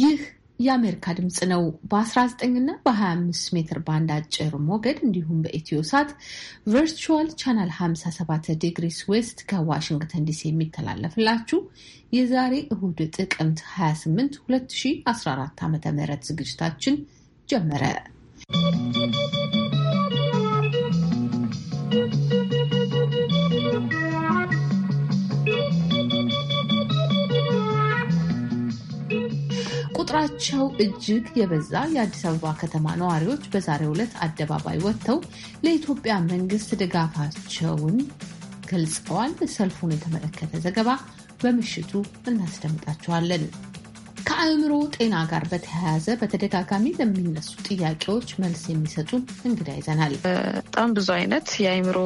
ይህ የአሜሪካ ድምፅ ነው። በ19 እና በ25 ሜትር ባንድ አጭር ሞገድ እንዲሁም በኢትዮ ሳት ቨርቹዋል ቻናል 57 ዲግሪስ ዌስት ከዋሽንግተን ዲሲ የሚተላለፍላችሁ የዛሬ እሁድ ጥቅምት 28 2014 ም ዝግጅታችን ጀመረ። ቁጥራቸው እጅግ የበዛ የአዲስ አበባ ከተማ ነዋሪዎች በዛሬው ዕለት አደባባይ ወጥተው ለኢትዮጵያ መንግስት ድጋፋቸውን ገልጸዋል። ሰልፉን የተመለከተ ዘገባ በምሽቱ እናስደምጣችኋለን። ከአእምሮ ጤና ጋር በተያያዘ በተደጋጋሚ ለሚነሱ ጥያቄዎች መልስ የሚሰጡ እንግዳ ይዘናል። በጣም ብዙ አይነት የአእምሮ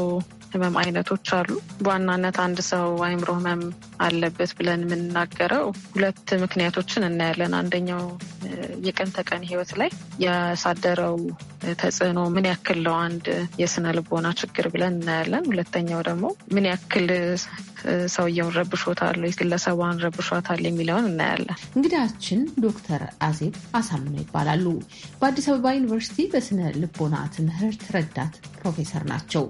ህመም አይነቶች አሉ። በዋናነት አንድ ሰው አይምሮ ህመም አለበት ብለን የምንናገረው ሁለት ምክንያቶችን እናያለን። አንደኛው የቀን ተቀን ህይወት ላይ ያሳደረው ተጽዕኖ ምን ያክል ነው አንድ የስነ ልቦና ችግር ብለን እናያለን። ሁለተኛው ደግሞ ምን ያክል ሰውየውን ረብሾታል፣ ግለሰቧን ረብሾታል የሚለውን እናያለን። እንግዳችን ዶክተር አዜብ አሳምነው ይባላሉ። በአዲስ አበባ ዩኒቨርሲቲ በስነ ልቦና ትምህርት ረዳት ፕሮፌሰር ናቸው።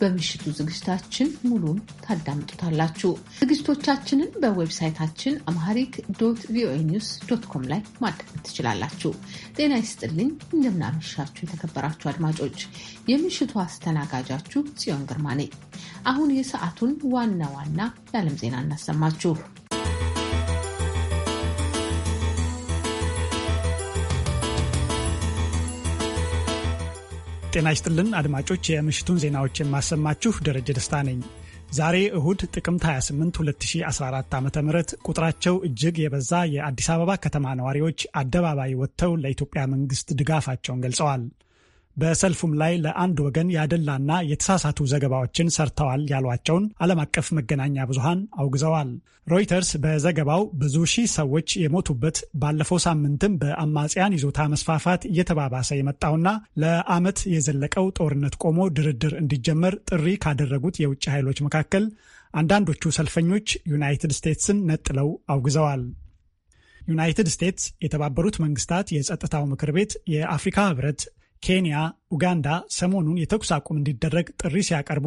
በምሽቱ ዝግጅታችን ሙሉን ታዳምጡታላችሁ። ዝግጅቶቻችንን በዌብሳይታችን አምሃሪክ ዶት ቪኦኤ ኒውስ ዶት ኮም ላይ ማድረግ ትችላላችሁ። ጤና ይስጥልኝ፣ እንደምናመሻችሁ የተከበራችሁ አድማጮች፣ የምሽቱ አስተናጋጃችሁ ጽዮን ግርማ ነኝ። አሁን የሰዓቱን ዋና ዋና የዓለም ዜና እናሰማችሁ። ጤና ይስጥልን አድማጮች፣ የምሽቱን ዜናዎች የማሰማችሁ ደረጀ ደስታ ነኝ። ዛሬ እሁድ ጥቅምት 28 2014 ዓ ም ቁጥራቸው እጅግ የበዛ የአዲስ አበባ ከተማ ነዋሪዎች አደባባይ ወጥተው ለኢትዮጵያ መንግስት ድጋፋቸውን ገልጸዋል። በሰልፉም ላይ ለአንድ ወገን ያደላና የተሳሳቱ ዘገባዎችን ሰርተዋል ያሏቸውን ዓለም አቀፍ መገናኛ ብዙሃን አውግዘዋል። ሮይተርስ በዘገባው ብዙ ሺህ ሰዎች የሞቱበት ባለፈው ሳምንትም በአማጽያን ይዞታ መስፋፋት እየተባባሰ የመጣውና ለዓመት የዘለቀው ጦርነት ቆሞ ድርድር እንዲጀመር ጥሪ ካደረጉት የውጭ ኃይሎች መካከል አንዳንዶቹ ሰልፈኞች ዩናይትድ ስቴትስን ነጥለው አውግዘዋል። ዩናይትድ ስቴትስ፣ የተባበሩት መንግስታት የጸጥታው ምክር ቤት፣ የአፍሪካ ህብረት፣ Kenya ኡጋንዳ ሰሞኑን የተኩስ አቁም እንዲደረግ ጥሪ ሲያቀርቡ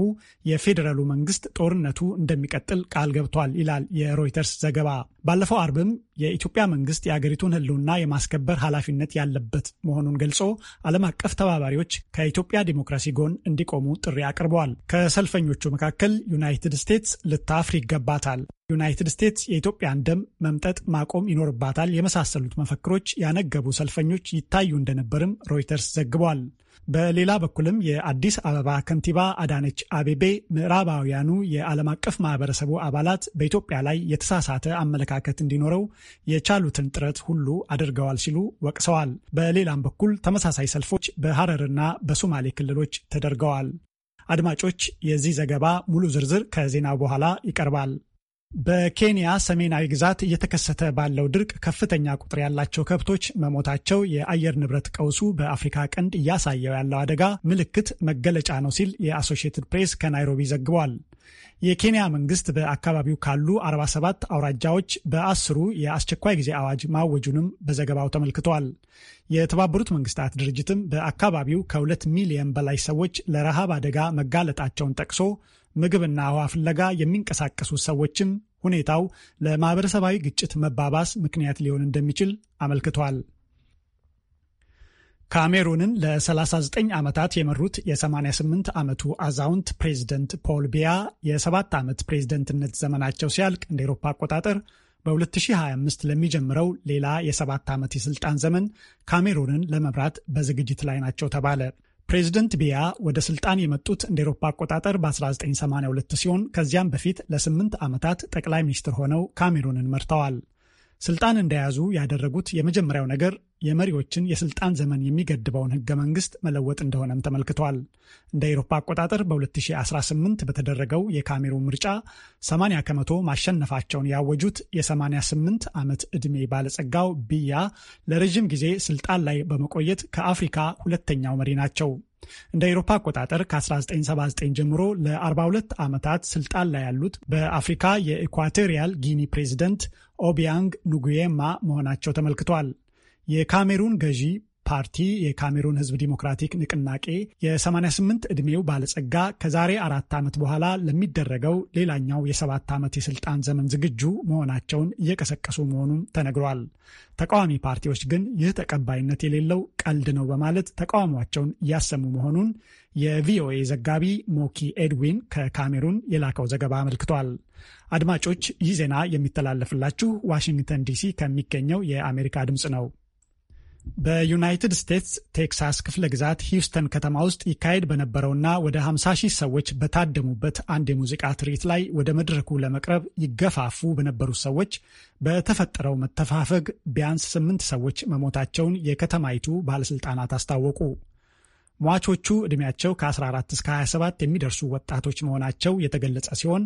የፌዴራሉ መንግስት ጦርነቱ እንደሚቀጥል ቃል ገብቷል ይላል የሮይተርስ ዘገባ። ባለፈው አርብም የኢትዮጵያ መንግስት የአገሪቱን ሕልውና የማስከበር ኃላፊነት ያለበት መሆኑን ገልጾ ዓለም አቀፍ ተባባሪዎች ከኢትዮጵያ ዲሞክራሲ ጎን እንዲቆሙ ጥሪ አቅርበዋል። ከሰልፈኞቹ መካከል ዩናይትድ ስቴትስ ልታፍር ይገባታል፣ ዩናይትድ ስቴትስ የኢትዮጵያን ደም መምጠጥ ማቆም ይኖርባታል የመሳሰሉት መፈክሮች ያነገቡ ሰልፈኞች ይታዩ እንደነበርም ሮይተርስ ዘግቧል። በሌላ በኩልም የአዲስ አበባ ከንቲባ አዳነች አቤቤ ምዕራባውያኑ የዓለም አቀፍ ማህበረሰቡ አባላት በኢትዮጵያ ላይ የተሳሳተ አመለካከት እንዲኖረው የቻሉትን ጥረት ሁሉ አድርገዋል ሲሉ ወቅሰዋል። በሌላም በኩል ተመሳሳይ ሰልፎች በሐረርና በሶማሌ ክልሎች ተደርገዋል። አድማጮች፣ የዚህ ዘገባ ሙሉ ዝርዝር ከዜናው በኋላ ይቀርባል። በኬንያ ሰሜናዊ ግዛት እየተከሰተ ባለው ድርቅ ከፍተኛ ቁጥር ያላቸው ከብቶች መሞታቸው የአየር ንብረት ቀውሱ በአፍሪካ ቀንድ እያሳየው ያለው አደጋ ምልክት መገለጫ ነው ሲል የአሶሺየትድ ፕሬስ ከናይሮቢ ዘግቧል። የኬንያ መንግስት በአካባቢው ካሉ 47 አውራጃዎች በአስሩ የአስቸኳይ ጊዜ አዋጅ ማወጁንም በዘገባው ተመልክቷል። የተባበሩት መንግስታት ድርጅትም በአካባቢው ከሁለት ሚሊየን በላይ ሰዎች ለረሃብ አደጋ መጋለጣቸውን ጠቅሶ ምግብና ውሃ ፍለጋ የሚንቀሳቀሱ ሰዎችም ሁኔታው ለማህበረሰባዊ ግጭት መባባስ ምክንያት ሊሆን እንደሚችል አመልክቷል። ካሜሩንን ለ39 ዓመታት የመሩት የ88 ዓመቱ አዛውንት ፕሬዚደንት ፖል ቢያ የሰባት ዓመት ፕሬዝደንትነት ዘመናቸው ሲያልቅ እንደ ኤሮፓ አቆጣጠር በ2025 ለሚጀምረው ሌላ የሰባት ዓመት የሥልጣን ዘመን ካሜሩንን ለመምራት በዝግጅት ላይ ናቸው ተባለ። ፕሬዚደንት ቢያ ወደ ስልጣን የመጡት እንደ ኤሮፓ አቆጣጠር በ1982 ሲሆን ከዚያም በፊት ለስምንት ዓመታት ጠቅላይ ሚኒስትር ሆነው ካሜሩንን መርተዋል። ስልጣን እንደያዙ ያደረጉት የመጀመሪያው ነገር የመሪዎችን የስልጣን ዘመን የሚገድበውን ህገ መንግስት መለወጥ እንደሆነም ተመልክቷል። እንደ አውሮፓ አቆጣጠር በ2018 በተደረገው የካሜሩን ምርጫ 80 ከመቶ ማሸነፋቸውን ያወጁት የ88 ዓመት ዕድሜ ባለጸጋው ቢያ ለረዥም ጊዜ ስልጣን ላይ በመቆየት ከአፍሪካ ሁለተኛው መሪ ናቸው። እንደ አውሮፓ አቆጣጠር ከ1979 ጀምሮ ለ42 ዓመታት ስልጣን ላይ ያሉት በአፍሪካ የኢኳቶሪያል ጊኒ ፕሬዚደንት ኦቢያንግ ኑጉዬማ መሆናቸው ተመልክቷል። የካሜሩን ገዢ ፓርቲ የካሜሩን ህዝብ ዲሞክራቲክ ንቅናቄ የ88 ዕድሜው ባለጸጋ ከዛሬ አራት ዓመት በኋላ ለሚደረገው ሌላኛው የሰባት ዓመት የስልጣን ዘመን ዝግጁ መሆናቸውን እየቀሰቀሱ መሆኑን ተነግሯል። ተቃዋሚ ፓርቲዎች ግን ይህ ተቀባይነት የሌለው ቀልድ ነው በማለት ተቃውሟቸውን እያሰሙ መሆኑን የቪኦኤ ዘጋቢ ሞኪ ኤድዊን ከካሜሩን የላከው ዘገባ አመልክቷል። አድማጮች ይህ ዜና የሚተላለፍላችሁ ዋሽንግተን ዲሲ ከሚገኘው የአሜሪካ ድምፅ ነው። በዩናይትድ ስቴትስ ቴክሳስ ክፍለ ግዛት ሂውስተን ከተማ ውስጥ ይካሄድ በነበረውና ወደ 50 ሺህ ሰዎች በታደሙበት አንድ የሙዚቃ ትርኢት ላይ ወደ መድረኩ ለመቅረብ ይገፋፉ በነበሩ ሰዎች በተፈጠረው መተፋፈግ ቢያንስ ስምንት ሰዎች መሞታቸውን የከተማይቱ ባለሥልጣናት አስታወቁ። ሟቾቹ ዕድሜያቸው ከ14 እስከ 27 የሚደርሱ ወጣቶች መሆናቸው የተገለጸ ሲሆን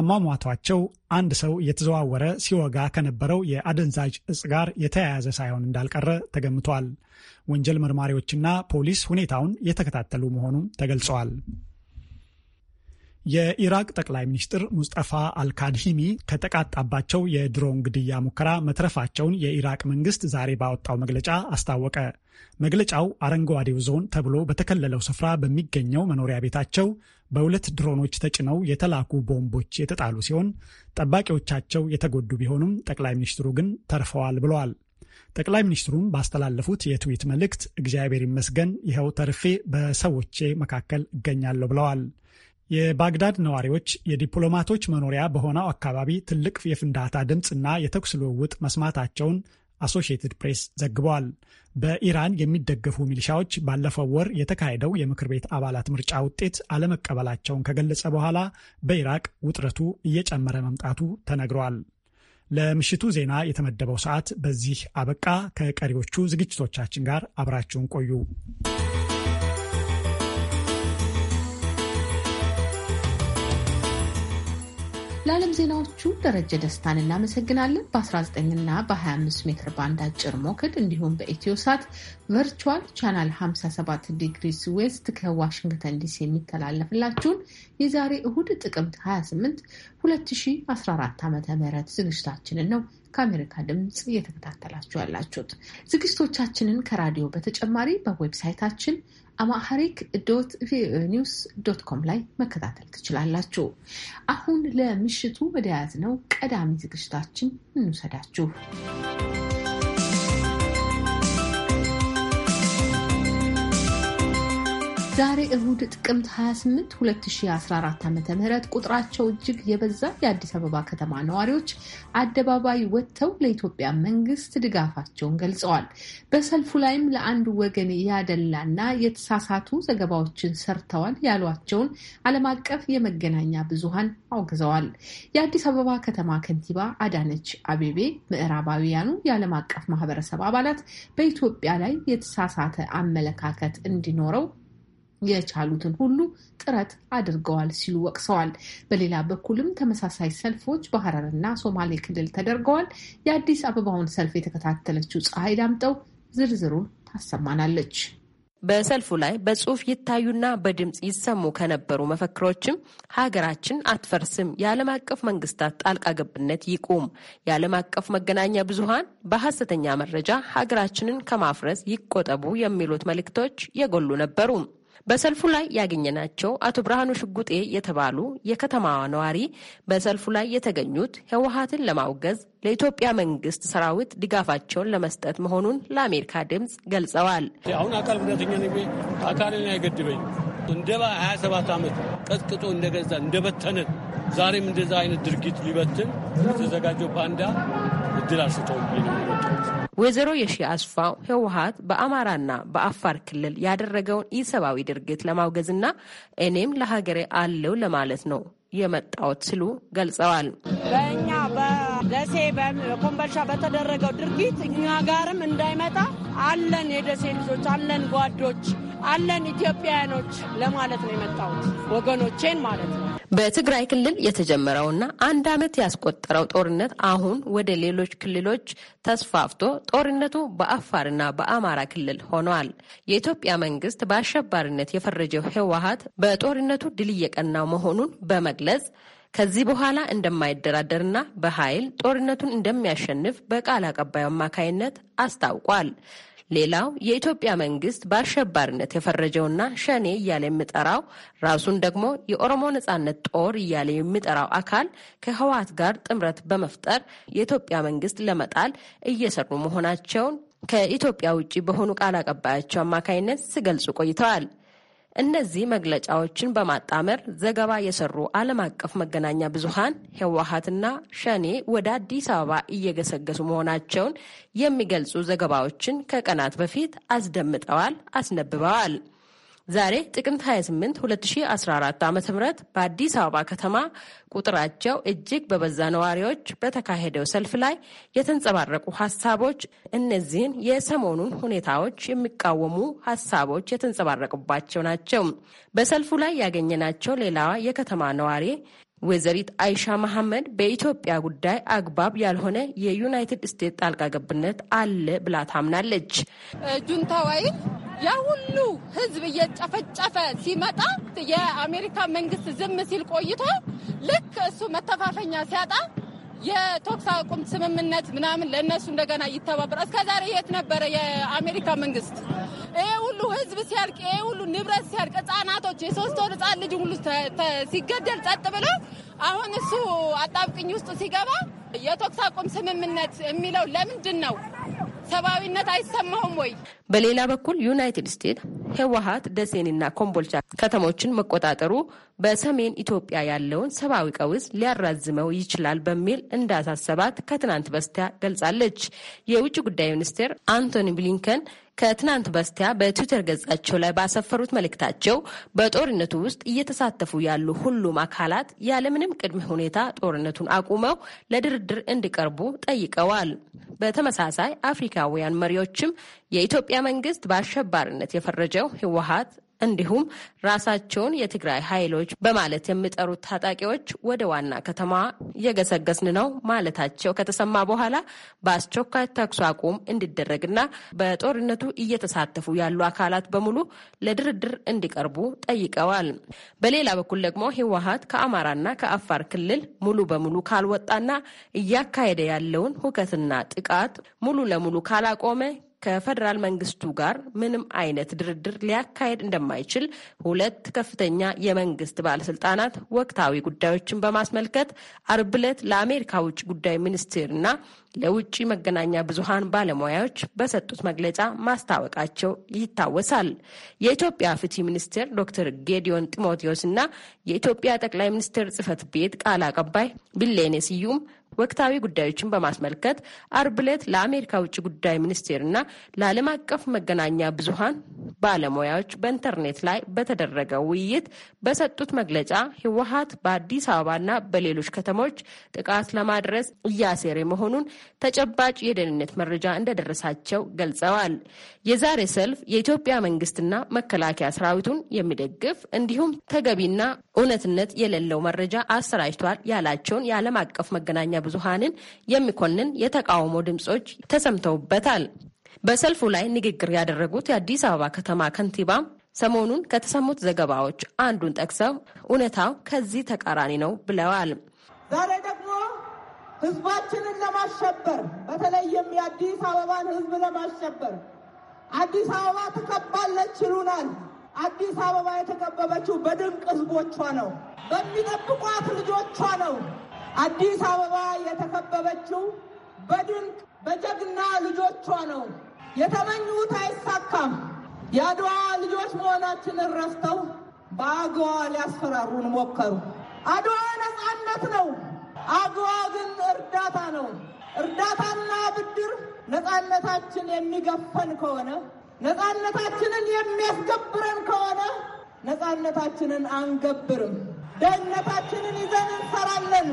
አሟሟቷቸው አንድ ሰው እየተዘዋወረ ሲወጋ ከነበረው የአደንዛዥ እጽ ጋር የተያያዘ ሳይሆን እንዳልቀረ ተገምቷል። ወንጀል መርማሪዎችና ፖሊስ ሁኔታውን እየተከታተሉ መሆኑን ተገልጸዋል። የኢራቅ ጠቅላይ ሚኒስትር ሙስጠፋ አልካድሂሚ ከተቃጣባቸው የድሮን ግድያ ሙከራ መትረፋቸውን የኢራቅ መንግስት ዛሬ ባወጣው መግለጫ አስታወቀ። መግለጫው አረንጓዴው ዞን ተብሎ በተከለለው ስፍራ በሚገኘው መኖሪያ ቤታቸው በሁለት ድሮኖች ተጭነው የተላኩ ቦምቦች የተጣሉ ሲሆን ጠባቂዎቻቸው የተጎዱ ቢሆኑም ጠቅላይ ሚኒስትሩ ግን ተርፈዋል ብለዋል። ጠቅላይ ሚኒስትሩም ባስተላለፉት የትዊት መልእክት እግዚአብሔር ይመስገን ይኸው ተርፌ በሰዎቼ መካከል እገኛለሁ ብለዋል። የባግዳድ ነዋሪዎች የዲፕሎማቶች መኖሪያ በሆነው አካባቢ ትልቅ የፍንዳታ ድምፅና እና የተኩስ ልውውጥ መስማታቸውን አሶሺየትድ ፕሬስ ዘግበዋል። በኢራን የሚደገፉ ሚሊሻዎች ባለፈው ወር የተካሄደው የምክር ቤት አባላት ምርጫ ውጤት አለመቀበላቸውን ከገለጸ በኋላ በኢራቅ ውጥረቱ እየጨመረ መምጣቱ ተነግሯል። ለምሽቱ ዜና የተመደበው ሰዓት በዚህ አበቃ። ከቀሪዎቹ ዝግጅቶቻችን ጋር አብራችሁን ቆዩ። ለዓለም ዜናዎቹ ደረጀ ደስታን እናመሰግናለን። 19 እና በ25 ሜትር ባንድ አጭር ሞገድ እንዲሁም በኢትዮ ሳት ቨርቹዋል ቻናል 57 ዲግሪስ ዌስት ከዋሽንግተን ዲሲ የሚተላለፍላችሁን የዛሬ እሁድ ጥቅምት 28 2014 ዓ ም ዝግጅታችንን ነው ከአሜሪካ ድምፅ እየተከታተላችሁ ያላችሁት። ዝግጅቶቻችንን ከራዲዮ በተጨማሪ በዌብሳይታችን አማሐሪክ ዶት ቪኦኤ ኒውስ ዶት ኮም ላይ መከታተል ትችላላችሁ። አሁን ለምሽቱ ወደ ያዝነው ቀዳሚ ዝግጅታችን እንውሰዳችሁ። ዛሬ እሁድ ጥቅምት 28 2014 ዓ ም ቁጥራቸው እጅግ የበዛ የአዲስ አበባ ከተማ ነዋሪዎች አደባባይ ወጥተው ለኢትዮጵያ መንግስት ድጋፋቸውን ገልጸዋል። በሰልፉ ላይም ለአንድ ወገን ያደላና የተሳሳቱ ዘገባዎችን ሰርተዋል ያሏቸውን ዓለም አቀፍ የመገናኛ ብዙሃን አውግዘዋል። የአዲስ አበባ ከተማ ከንቲባ አዳነች አቤቤ ምዕራባውያኑ የዓለም አቀፍ ማህበረሰብ አባላት በኢትዮጵያ ላይ የተሳሳተ አመለካከት እንዲኖረው የቻሉትን ሁሉ ጥረት አድርገዋል ሲሉ ወቅሰዋል። በሌላ በኩልም ተመሳሳይ ሰልፎች በሐረርና ሶማሌ ክልል ተደርገዋል። የአዲስ አበባውን ሰልፍ የተከታተለችው ፀሐይ ዳምጠው ዝርዝሩን ታሰማናለች። በሰልፉ ላይ በጽሁፍ ይታዩና በድምፅ ይሰሙ ከነበሩ መፈክሮችም ሀገራችን አትፈርስም፣ የዓለም አቀፍ መንግስታት ጣልቃ ገብነት ይቁም፣ የዓለም አቀፍ መገናኛ ብዙሀን በሀሰተኛ መረጃ ሀገራችንን ከማፍረስ ይቆጠቡ የሚሉት መልእክቶች የጎሉ ነበሩ። በሰልፉ ላይ ያገኘናቸው አቶ ብርሃኑ ሽጉጤ የተባሉ የከተማዋ ነዋሪ በሰልፉ ላይ የተገኙት ህወሀትን ለማውገዝ ለኢትዮጵያ መንግስት ሰራዊት ድጋፋቸውን ለመስጠት መሆኑን ለአሜሪካ ድምፅ ገልጸዋል። አሁን አካል ጉዳተኛ አካልን አይገድበኝ እንደ 27 ዓመት ቀጥቅጦ እንደገዛ እንደበተነን ዛሬም እንደዛ አይነት ድርጊት ሊበትን የተዘጋጀው ባንዳ እድል አልሰጠው ነው። ወይዘሮ የሺ አስፋው ህወሀት በአማራና በአፋር ክልል ያደረገውን ኢሰብአዊ ድርጊት ለማውገዝና እኔም ለሀገሬ አለው ለማለት ነው የመጣሁት ሲሉ ገልጸዋል። በእኛ በደሴ ኮምበልሻ በተደረገው ድርጊት እኛ ጋርም እንዳይመጣ አለን፣ የደሴ ልጆች አለን፣ ጓዶች አለን ኢትዮጵያውያኖች ለማለት ነው የመጣሁት ወገኖቼን ማለት ነው። በትግራይ ክልል የተጀመረውና አንድ ዓመት ያስቆጠረው ጦርነት አሁን ወደ ሌሎች ክልሎች ተስፋፍቶ ጦርነቱ በአፋርና በአማራ ክልል ሆኗል። የኢትዮጵያ መንግስት በአሸባሪነት የፈረጀው ህወሀት በጦርነቱ ድል እየቀናው መሆኑን በመግለጽ ከዚህ በኋላ እንደማይደራደርና በኃይል ጦርነቱን እንደሚያሸንፍ በቃል አቀባዩ አማካይነት አስታውቋል። ሌላው የኢትዮጵያ መንግስት በአሸባሪነት የፈረጀውና ሸኔ እያለ የሚጠራው ራሱን ደግሞ የኦሮሞ ነጻነት ጦር እያለ የሚጠራው አካል ከህወሓት ጋር ጥምረት በመፍጠር የኢትዮጵያ መንግስት ለመጣል እየሰሩ መሆናቸውን ከኢትዮጵያ ውጭ በሆኑ ቃል አቀባያቸው አማካኝነት ሲገልጹ ቆይተዋል። እነዚህ መግለጫዎችን በማጣመር ዘገባ የሰሩ ዓለም አቀፍ መገናኛ ብዙሃን ህወሀትና ሸኔ ወደ አዲስ አበባ እየገሰገሱ መሆናቸውን የሚገልጹ ዘገባዎችን ከቀናት በፊት አስደምጠዋል፣ አስነብበዋል። ዛሬ ጥቅምት 28 2014 ዓ ም በአዲስ አበባ ከተማ ቁጥራቸው እጅግ በበዛ ነዋሪዎች በተካሄደው ሰልፍ ላይ የተንጸባረቁ ሀሳቦች እነዚህን የሰሞኑን ሁኔታዎች የሚቃወሙ ሀሳቦች የተንጸባረቁባቸው ናቸው። በሰልፉ ላይ ያገኘናቸው ሌላዋ የከተማ ነዋሪ ወይዘሪት አይሻ መሐመድ በኢትዮጵያ ጉዳይ አግባብ ያልሆነ የዩናይትድ ስቴትስ ጣልቃ ገብነት አለ ብላ ታምናለች። ጁንታ አይል ያ ሁሉ ህዝብ እየጨፈጨፈ ሲመጣ የአሜሪካ መንግስት ዝም ሲል ቆይቶ ልክ እሱ መተፋፈኛ ሲያጣ የተኩስ አቁም ስምምነት ምናምን ለእነሱ እንደገና ይተባበር። እስከዛሬ የት ነበረ የአሜሪካ መንግስት? ይሄ ሁሉ ህዝብ ሲያልቅ፣ ይሄ ሁሉ ንብረት ሲያልቅ፣ ህጻናቶች የሶስት ወር ህጻን ልጅ ሁሉ ሲገደል ጸጥ ብሎ አሁን እሱ አጣብቅኝ ውስጥ ሲገባ የተኩስ አቁም ስምምነት የሚለው ለምንድን ነው? ሰብአዊነት አይሰማውም ወይ? በሌላ በኩል ዩናይትድ ስቴትስ ህወሀት ደሴንና ኮምቦልቻ ከተሞችን መቆጣጠሩ በሰሜን ኢትዮጵያ ያለውን ሰብአዊ ቀውስ ሊያራዝመው ይችላል በሚል እንዳሳሰባት ከትናንት በስቲያ ገልጻለች። የውጭ ጉዳይ ሚኒስቴር አንቶኒ ብሊንከን ከትናንት በስቲያ በትዊተር ገጻቸው ላይ ባሰፈሩት መልእክታቸው በጦርነቱ ውስጥ እየተሳተፉ ያሉ ሁሉም አካላት ያለምንም ቅድመ ሁኔታ ጦርነቱን አቁመው ለድርድር እንዲቀርቡ ጠይቀዋል። በተመሳሳይ አፍሪካውያን መሪዎችም የኢትዮጵያ መንግስት በአሸባሪነት የፈረጀው ህወሀት እንዲሁም ራሳቸውን የትግራይ ኃይሎች በማለት የሚጠሩት ታጣቂዎች ወደ ዋና ከተማ እየገሰገስን ነው ማለታቸው ከተሰማ በኋላ በአስቸኳይ ተኩስ አቁም እንዲደረግና በጦርነቱ እየተሳተፉ ያሉ አካላት በሙሉ ለድርድር እንዲቀርቡ ጠይቀዋል። በሌላ በኩል ደግሞ ህወሀት ከአማራና ከአፋር ክልል ሙሉ በሙሉ ካልወጣና እያካሄደ ያለውን ሁከትና ጥቃት ሙሉ ለሙሉ ካላቆመ ከፌዴራል መንግስቱ ጋር ምንም አይነት ድርድር ሊያካሄድ እንደማይችል ሁለት ከፍተኛ የመንግስት ባለስልጣናት ወቅታዊ ጉዳዮችን በማስመልከት አርብ ዕለት ለአሜሪካ ውጭ ጉዳይ ሚኒስቴርና ለውጭ መገናኛ ብዙሃን ባለሙያዎች በሰጡት መግለጫ ማስታወቃቸው ይታወሳል። የኢትዮጵያ ፍትህ ሚኒስቴር ዶክተር ጌዲዮን ጢሞቴዎስ እና የኢትዮጵያ ጠቅላይ ሚኒስቴር ጽህፈት ቤት ቃል አቀባይ ቢሌኔ ስዩም ወቅታዊ ጉዳዮችን በማስመልከት አርብ ዕለት ለአሜሪካ ውጭ ጉዳይ ሚኒስቴርና ለዓለም አቀፍ መገናኛ ብዙሃን ባለሙያዎች በኢንተርኔት ላይ በተደረገው ውይይት በሰጡት መግለጫ ህወሀት በአዲስ አበባና በሌሎች ከተሞች ጥቃት ለማድረስ እያሴረ መሆኑን ተጨባጭ የደህንነት መረጃ እንደደረሳቸው ገልጸዋል። የዛሬ ሰልፍ የኢትዮጵያ መንግስትና መከላከያ ሰራዊቱን የሚደግፍ እንዲሁም ተገቢና እውነትነት የሌለው መረጃ አሰራጭቷል ያላቸውን የዓለም አቀፍ መገናኛ ብዙሀንን የሚኮንን የተቃውሞ ድምጾች ተሰምተውበታል። በሰልፉ ላይ ንግግር ያደረጉት የአዲስ አበባ ከተማ ከንቲባ ሰሞኑን ከተሰሙት ዘገባዎች አንዱን ጠቅሰው እውነታው ከዚህ ተቃራኒ ነው ብለዋል። ዛሬ ደግሞ ህዝባችንን ለማሸበር በተለይም የአዲስ አበባን ህዝብ ለማሸበር አዲስ አበባ ትከባለች ይሉናል። አዲስ አበባ የተከበበችው በድንቅ ህዝቦቿ ነው፣ በሚጠብቋት ልጆቿ ነው። አዲስ አበባ የተከበበችው በድንቅ በጀግና ልጆቿ ነው። የተመኙት አይሳካም። የአድዋ ልጆች መሆናችንን ረስተው በአግዋ ሊያስፈራሩን ሞከሩ። አድዋ ነፃነት ነው። አግዋ ግን እርዳታ ነው። እርዳታና ብድር ነፃነታችን የሚገፈን ከሆነ፣ ነፃነታችንን የሚያስገብረን ከሆነ ነፃነታችንን አንገብርም። ደህንነታችንን ይዘን እንሰራለን።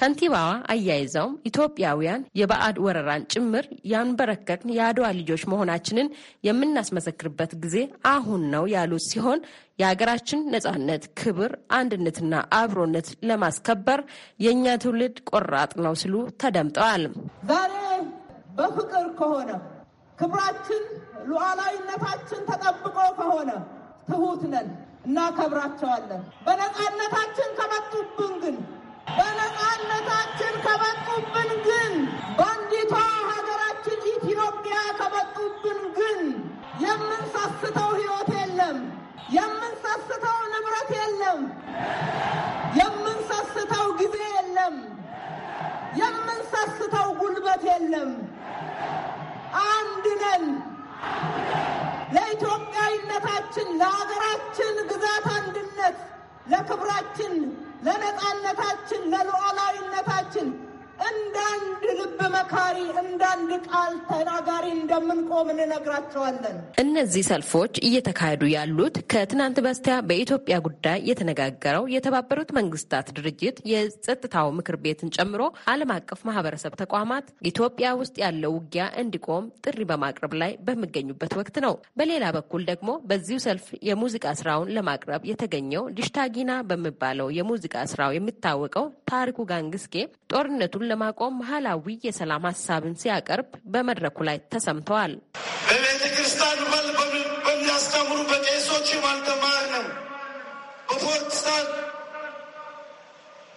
ከንቲባዋ አያይዘውም ኢትዮጵያውያን የባዕድ ወረራን ጭምር ያንበረከክን የአድዋ ልጆች መሆናችንን የምናስመሰክርበት ጊዜ አሁን ነው ያሉት ሲሆን የሀገራችን ነጻነት፣ ክብር፣ አንድነትና አብሮነት ለማስከበር የእኛ ትውልድ ቆራጥ ነው ሲሉ ተደምጠዋል። ዛሬ በፍቅር ከሆነ ክብራችን ሉዓላዊነታችን ተጠብቆ ከሆነ ትሁት ነን እናከብራቸዋለን። በነፃነታችን ከመጡብን ግን በነፃነታችን ከመጡብን ግን በአንዲቷ ሀገራችን ኢትዮጵያ ከመጡብን ግን የምንሰስተው ህይወት የለም። የምንሰስተው ንብረት የለም። የምንሰስተው ጊዜ የለም። የምንሰስተው ጉልበት የለም። አንድ ነን። ለኢትዮጵያዊነታችን፣ ለሀገራችን ግዛት አንድነት፣ ለክብራችን፣ ለነፃነታችን፣ ለሉዓላዊነታችን እንደ አንድ ልብ መካሪ፣ እንደ አንድ ቃል ተናጋሪ እንደምንቆም እንነግራቸዋለን። እነዚህ ሰልፎች እየተካሄዱ ያሉት ከትናንት በስቲያ በኢትዮጵያ ጉዳይ የተነጋገረው የተባበሩት መንግስታት ድርጅት የጸጥታው ምክር ቤትን ጨምሮ ዓለም አቀፍ ማህበረሰብ ተቋማት ኢትዮጵያ ውስጥ ያለው ውጊያ እንዲቆም ጥሪ በማቅረብ ላይ በሚገኙበት ወቅት ነው። በሌላ በኩል ደግሞ በዚሁ ሰልፍ የሙዚቃ ስራውን ለማቅረብ የተገኘው ዲሽታጊና በሚባለው የሙዚቃ ስራው የሚታወቀው ታሪኩ ጋንግስኬ ጦርነቱን ለማቆም ማህላዊ የሰላም ሀሳብን ሲያቀርብ በመድረኩ ላይ ተሰምተዋል። በቤተ ክርስቲያን በሚያስተምሩ በቄሶች ነው። በፖርትስታን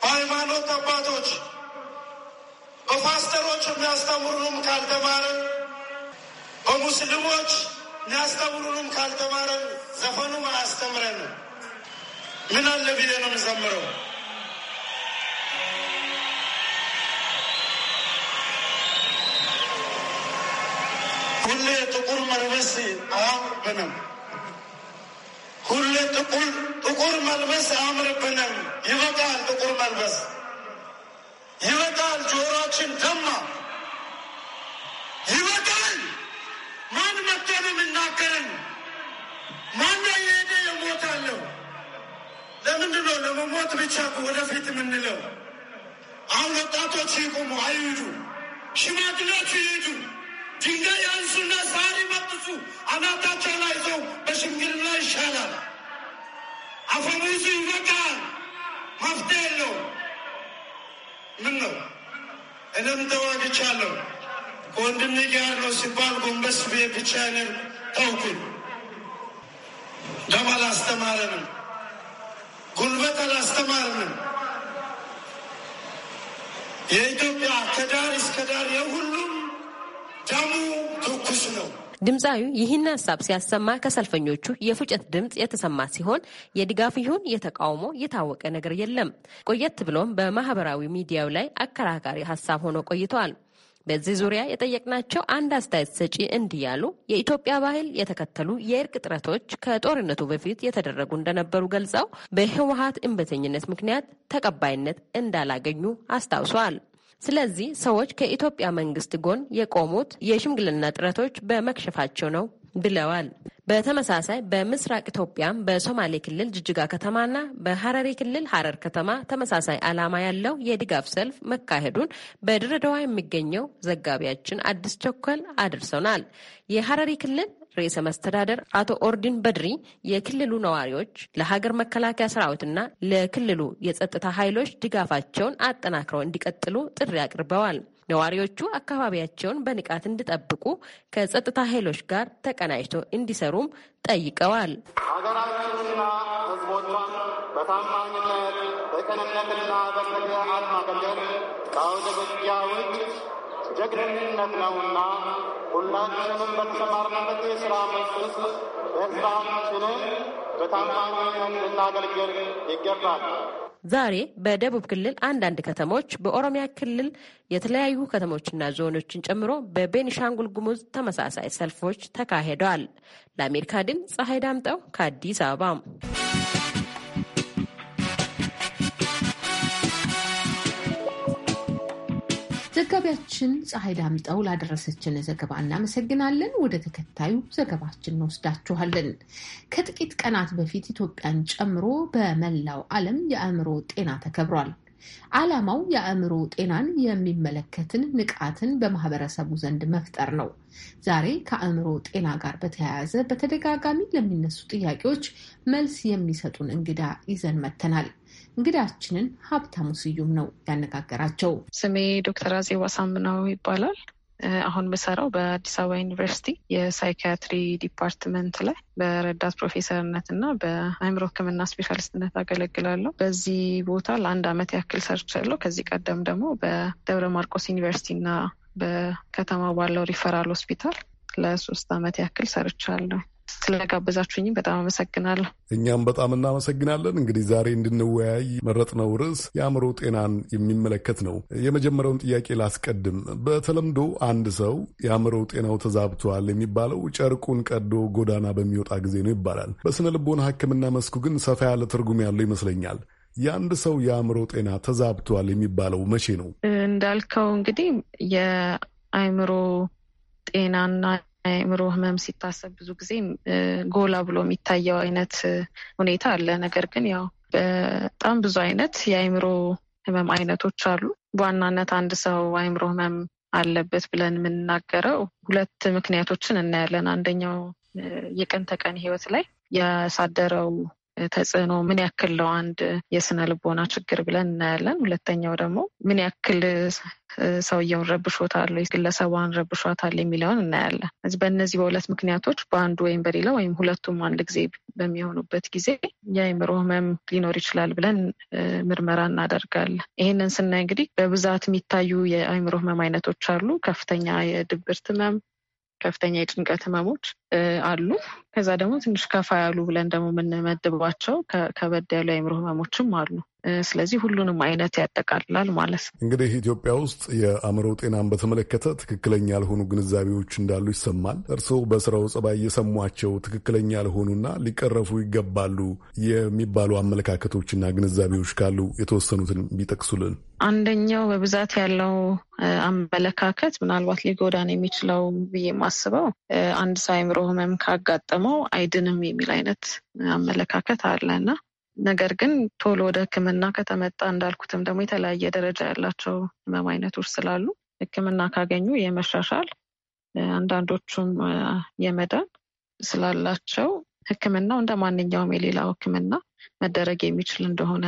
በሃይማኖት አባቶች በፓስተሮች የሚያስተምሩንም ካልተማረ በሙስሊሞች የሚያስተምሩንም ካልተማረን ዘፈኑ አያስተምረንም። ምን አለ ብዬ ነው የምዘምረው? ሁሌ ጥቁር መልበስ አያምርብንም። ሁሌ ጥቁር መልበስ አያምርብንም። ይበቃል፣ ጥቁር መልበስ ይበቃል። ጆሮችን ደማ ይበቃል። ማን መጥተን የምናገርን ማን የሄደ የሞታለው? ለምንድን ነው ለመሞት ብቻ ወደፊት የምንለው? አሁን ወጣቶች ይቁሙ፣ አይሂዱ። ሽማግሌዎቹ ይሂዱ። ድንጋይ ያንሱና ሳሪ መጥሱ አናታቸው ላይ ሰው በሽምግልና ይሻላል። አፈሙዙ ይበቃል። መፍትሄ የለው። ምን ነው እኔም ተዋግቻለሁ። ከወንድሜ ጋር ነው ሲባል ጎንበስ ብዬ ብቻዬን ተውኩኝ። ደም አላስተማረንም፣ ጉልበት አላስተማረንም። የኢትዮጵያ ከዳር እስከ ዳር የሁሉም ደሙ ትኩስ ነው። ድምፃዊ ይህን ሀሳብ ሲያሰማ ከሰልፈኞቹ የፉጨት ድምፅ የተሰማ ሲሆን የድጋፍ ይሁን የተቃውሞ የታወቀ ነገር የለም። ቆየት ብሎም በማህበራዊ ሚዲያው ላይ አከራካሪ ሀሳብ ሆኖ ቆይተዋል። በዚህ ዙሪያ የጠየቅናቸው አንድ አስተያየት ሰጪ እንዲህ ያሉ የኢትዮጵያ ባህል የተከተሉ የእርቅ ጥረቶች ከጦርነቱ በፊት የተደረጉ እንደነበሩ ገልጸው በህወሀት እንበተኝነት ምክንያት ተቀባይነት እንዳላገኙ አስታውሰዋል። ስለዚህ ሰዎች ከኢትዮጵያ መንግስት ጎን የቆሙት የሽምግልና ጥረቶች በመክሸፋቸው ነው ብለዋል። በተመሳሳይ በምስራቅ ኢትዮጵያም በሶማሌ ክልል ጅጅጋ ከተማና በሀረሪ ክልል ሀረር ከተማ ተመሳሳይ ዓላማ ያለው የድጋፍ ሰልፍ መካሄዱን በድሬዳዋ የሚገኘው ዘጋቢያችን አዲስ ቸኮል አድርሰናል። የሀረሪ ክልል ርዕሰ መስተዳደር አቶ ኦርዲን በድሪ የክልሉ ነዋሪዎች ለሀገር መከላከያ ሰራዊትና ለክልሉ የጸጥታ ኃይሎች ድጋፋቸውን አጠናክረው እንዲቀጥሉ ጥሪ አቅርበዋል። ነዋሪዎቹ አካባቢያቸውን በንቃት እንዲጠብቁ ከጸጥታ ኃይሎች ጋር ተቀናጅቶ እንዲሰሩም ጠይቀዋል። ሀገራችንና ሕዝቦቿን በታማኝነት በቅንነትና በትጋት ከአውደ ውጊያ ውጭ ጀግንነት ነውና ሁላችንም በተሰማርንበት የሥራ መስክ ውስጥ በታማኝነት ይገባል። ዛሬ በደቡብ ክልል አንዳንድ ከተሞች በኦሮሚያ ክልል የተለያዩ ከተሞችና ዞኖችን ጨምሮ በቤኒሻንጉል ጉሙዝ ተመሳሳይ ሰልፎች ተካሂደዋል። ለአሜሪካ ድምፅ ፀሐይ ዳምጠው ከአዲስ አበባ ዘጋቢያችን ፀሐይ ዳምጠው ላደረሰችን ዘገባ እናመሰግናለን። ወደ ተከታዩ ዘገባችን እንወስዳችኋለን። ከጥቂት ቀናት በፊት ኢትዮጵያን ጨምሮ በመላው ዓለም የአእምሮ ጤና ተከብሯል። ዓላማው የአእምሮ ጤናን የሚመለከትን ንቃትን በማህበረሰቡ ዘንድ መፍጠር ነው። ዛሬ ከአእምሮ ጤና ጋር በተያያዘ በተደጋጋሚ ለሚነሱ ጥያቄዎች መልስ የሚሰጡን እንግዳ ይዘን መተናል። እንግዳችንን ሀብታሙ ስዩም ነው ያነጋገራቸው። ስሜ ዶክተር አዜ ዋሳምናው ይባላል። አሁን ምሰራው በአዲስ አበባ ዩኒቨርሲቲ የሳይኪያትሪ ዲፓርትመንት ላይ በረዳት ፕሮፌሰርነት እና በአእምሮ ሕክምና ስፔሻሊስትነት አገለግላለሁ። በዚህ ቦታ ለአንድ ዓመት ያክል ሰርቻለሁ። ከዚህ ቀደም ደግሞ በደብረ ማርቆስ ዩኒቨርሲቲ እና በከተማው ባለው ሪፈራል ሆስፒታል ለሶስት አመት ያክል ሰርቻለሁ። ስለጋበዛችሁኝም በጣም አመሰግናለሁ። እኛም በጣም እናመሰግናለን። እንግዲህ ዛሬ እንድንወያይ መረጥነው ርዕስ የአእምሮ ጤናን የሚመለከት ነው። የመጀመሪያውን ጥያቄ ላስቀድም። በተለምዶ አንድ ሰው የአእምሮ ጤናው ተዛብቷል የሚባለው ጨርቁን ቀዶ ጎዳና በሚወጣ ጊዜ ነው ይባላል። በስነ ልቦና ሕክምና መስኩ ግን ሰፋ ያለ ትርጉም ያለው ይመስለኛል። የአንድ ሰው የአእምሮ ጤና ተዛብቷል የሚባለው መቼ ነው? እንዳልከው እንግዲህ የአእምሮ ጤናና የአእምሮ ህመም ሲታሰብ ብዙ ጊዜ ጎላ ብሎ የሚታየው አይነት ሁኔታ አለ። ነገር ግን ያው በጣም ብዙ አይነት የአእምሮ ህመም አይነቶች አሉ። በዋናነት አንድ ሰው አእምሮ ህመም አለበት ብለን የምንናገረው ሁለት ምክንያቶችን እናያለን። አንደኛው የቀን ተቀን ህይወት ላይ ያሳደረው ተጽዕኖ ምን ያክል ነው አንድ የስነ ልቦና ችግር ብለን እናያለን። ሁለተኛው ደግሞ ምን ያክል ሰውየውን ረብሾታል፣ ግለሰቧን ረብሾታል የሚለውን እናያለን። እዚህ በእነዚህ በሁለት ምክንያቶች በአንዱ ወይም በሌላ ወይም ሁለቱም አንድ ጊዜ በሚሆኑበት ጊዜ የአእምሮ ህመም ሊኖር ይችላል ብለን ምርመራ እናደርጋለን። ይህንን ስናይ እንግዲህ በብዛት የሚታዩ የአእምሮ ህመም አይነቶች አሉ። ከፍተኛ የድብርት ህመም፣ ከፍተኛ የጭንቀት ህመሞች አሉ። ከዛ ደግሞ ትንሽ ከፋ ያሉ ብለን ደግሞ የምንመድባቸው ከበድ ያሉ የአእምሮ ህመሞችም አሉ። ስለዚህ ሁሉንም አይነት ያጠቃልላል ማለት ነው። እንግዲህ ኢትዮጵያ ውስጥ የአእምሮ ጤናን በተመለከተ ትክክለኛ ያልሆኑ ግንዛቤዎች እንዳሉ ይሰማል። እርስዎ በስራው ጸባይ የሰሟቸው ትክክለኛ ያልሆኑና ሊቀረፉ ይገባሉ የሚባሉ አመለካከቶችና ግንዛቤዎች ካሉ የተወሰኑትን ቢጠቅሱልን። አንደኛው በብዛት ያለው አመለካከት ምናልባት ሊጎዳን የሚችለው ብዬ የማስበው አንድ ሰው አእምሮ ህመም ካጋጠመው አይድንም የሚል አይነት አመለካከት አለ እና ነገር ግን ቶሎ ወደ ህክምና ከተመጣ እንዳልኩትም ደግሞ የተለያየ ደረጃ ያላቸው ህመም አይነቶች ስላሉ ህክምና ካገኙ የመሻሻል አንዳንዶቹም የመዳን ስላላቸው ህክምናው እንደ ማንኛውም የሌላው ህክምና መደረግ የሚችል እንደሆነ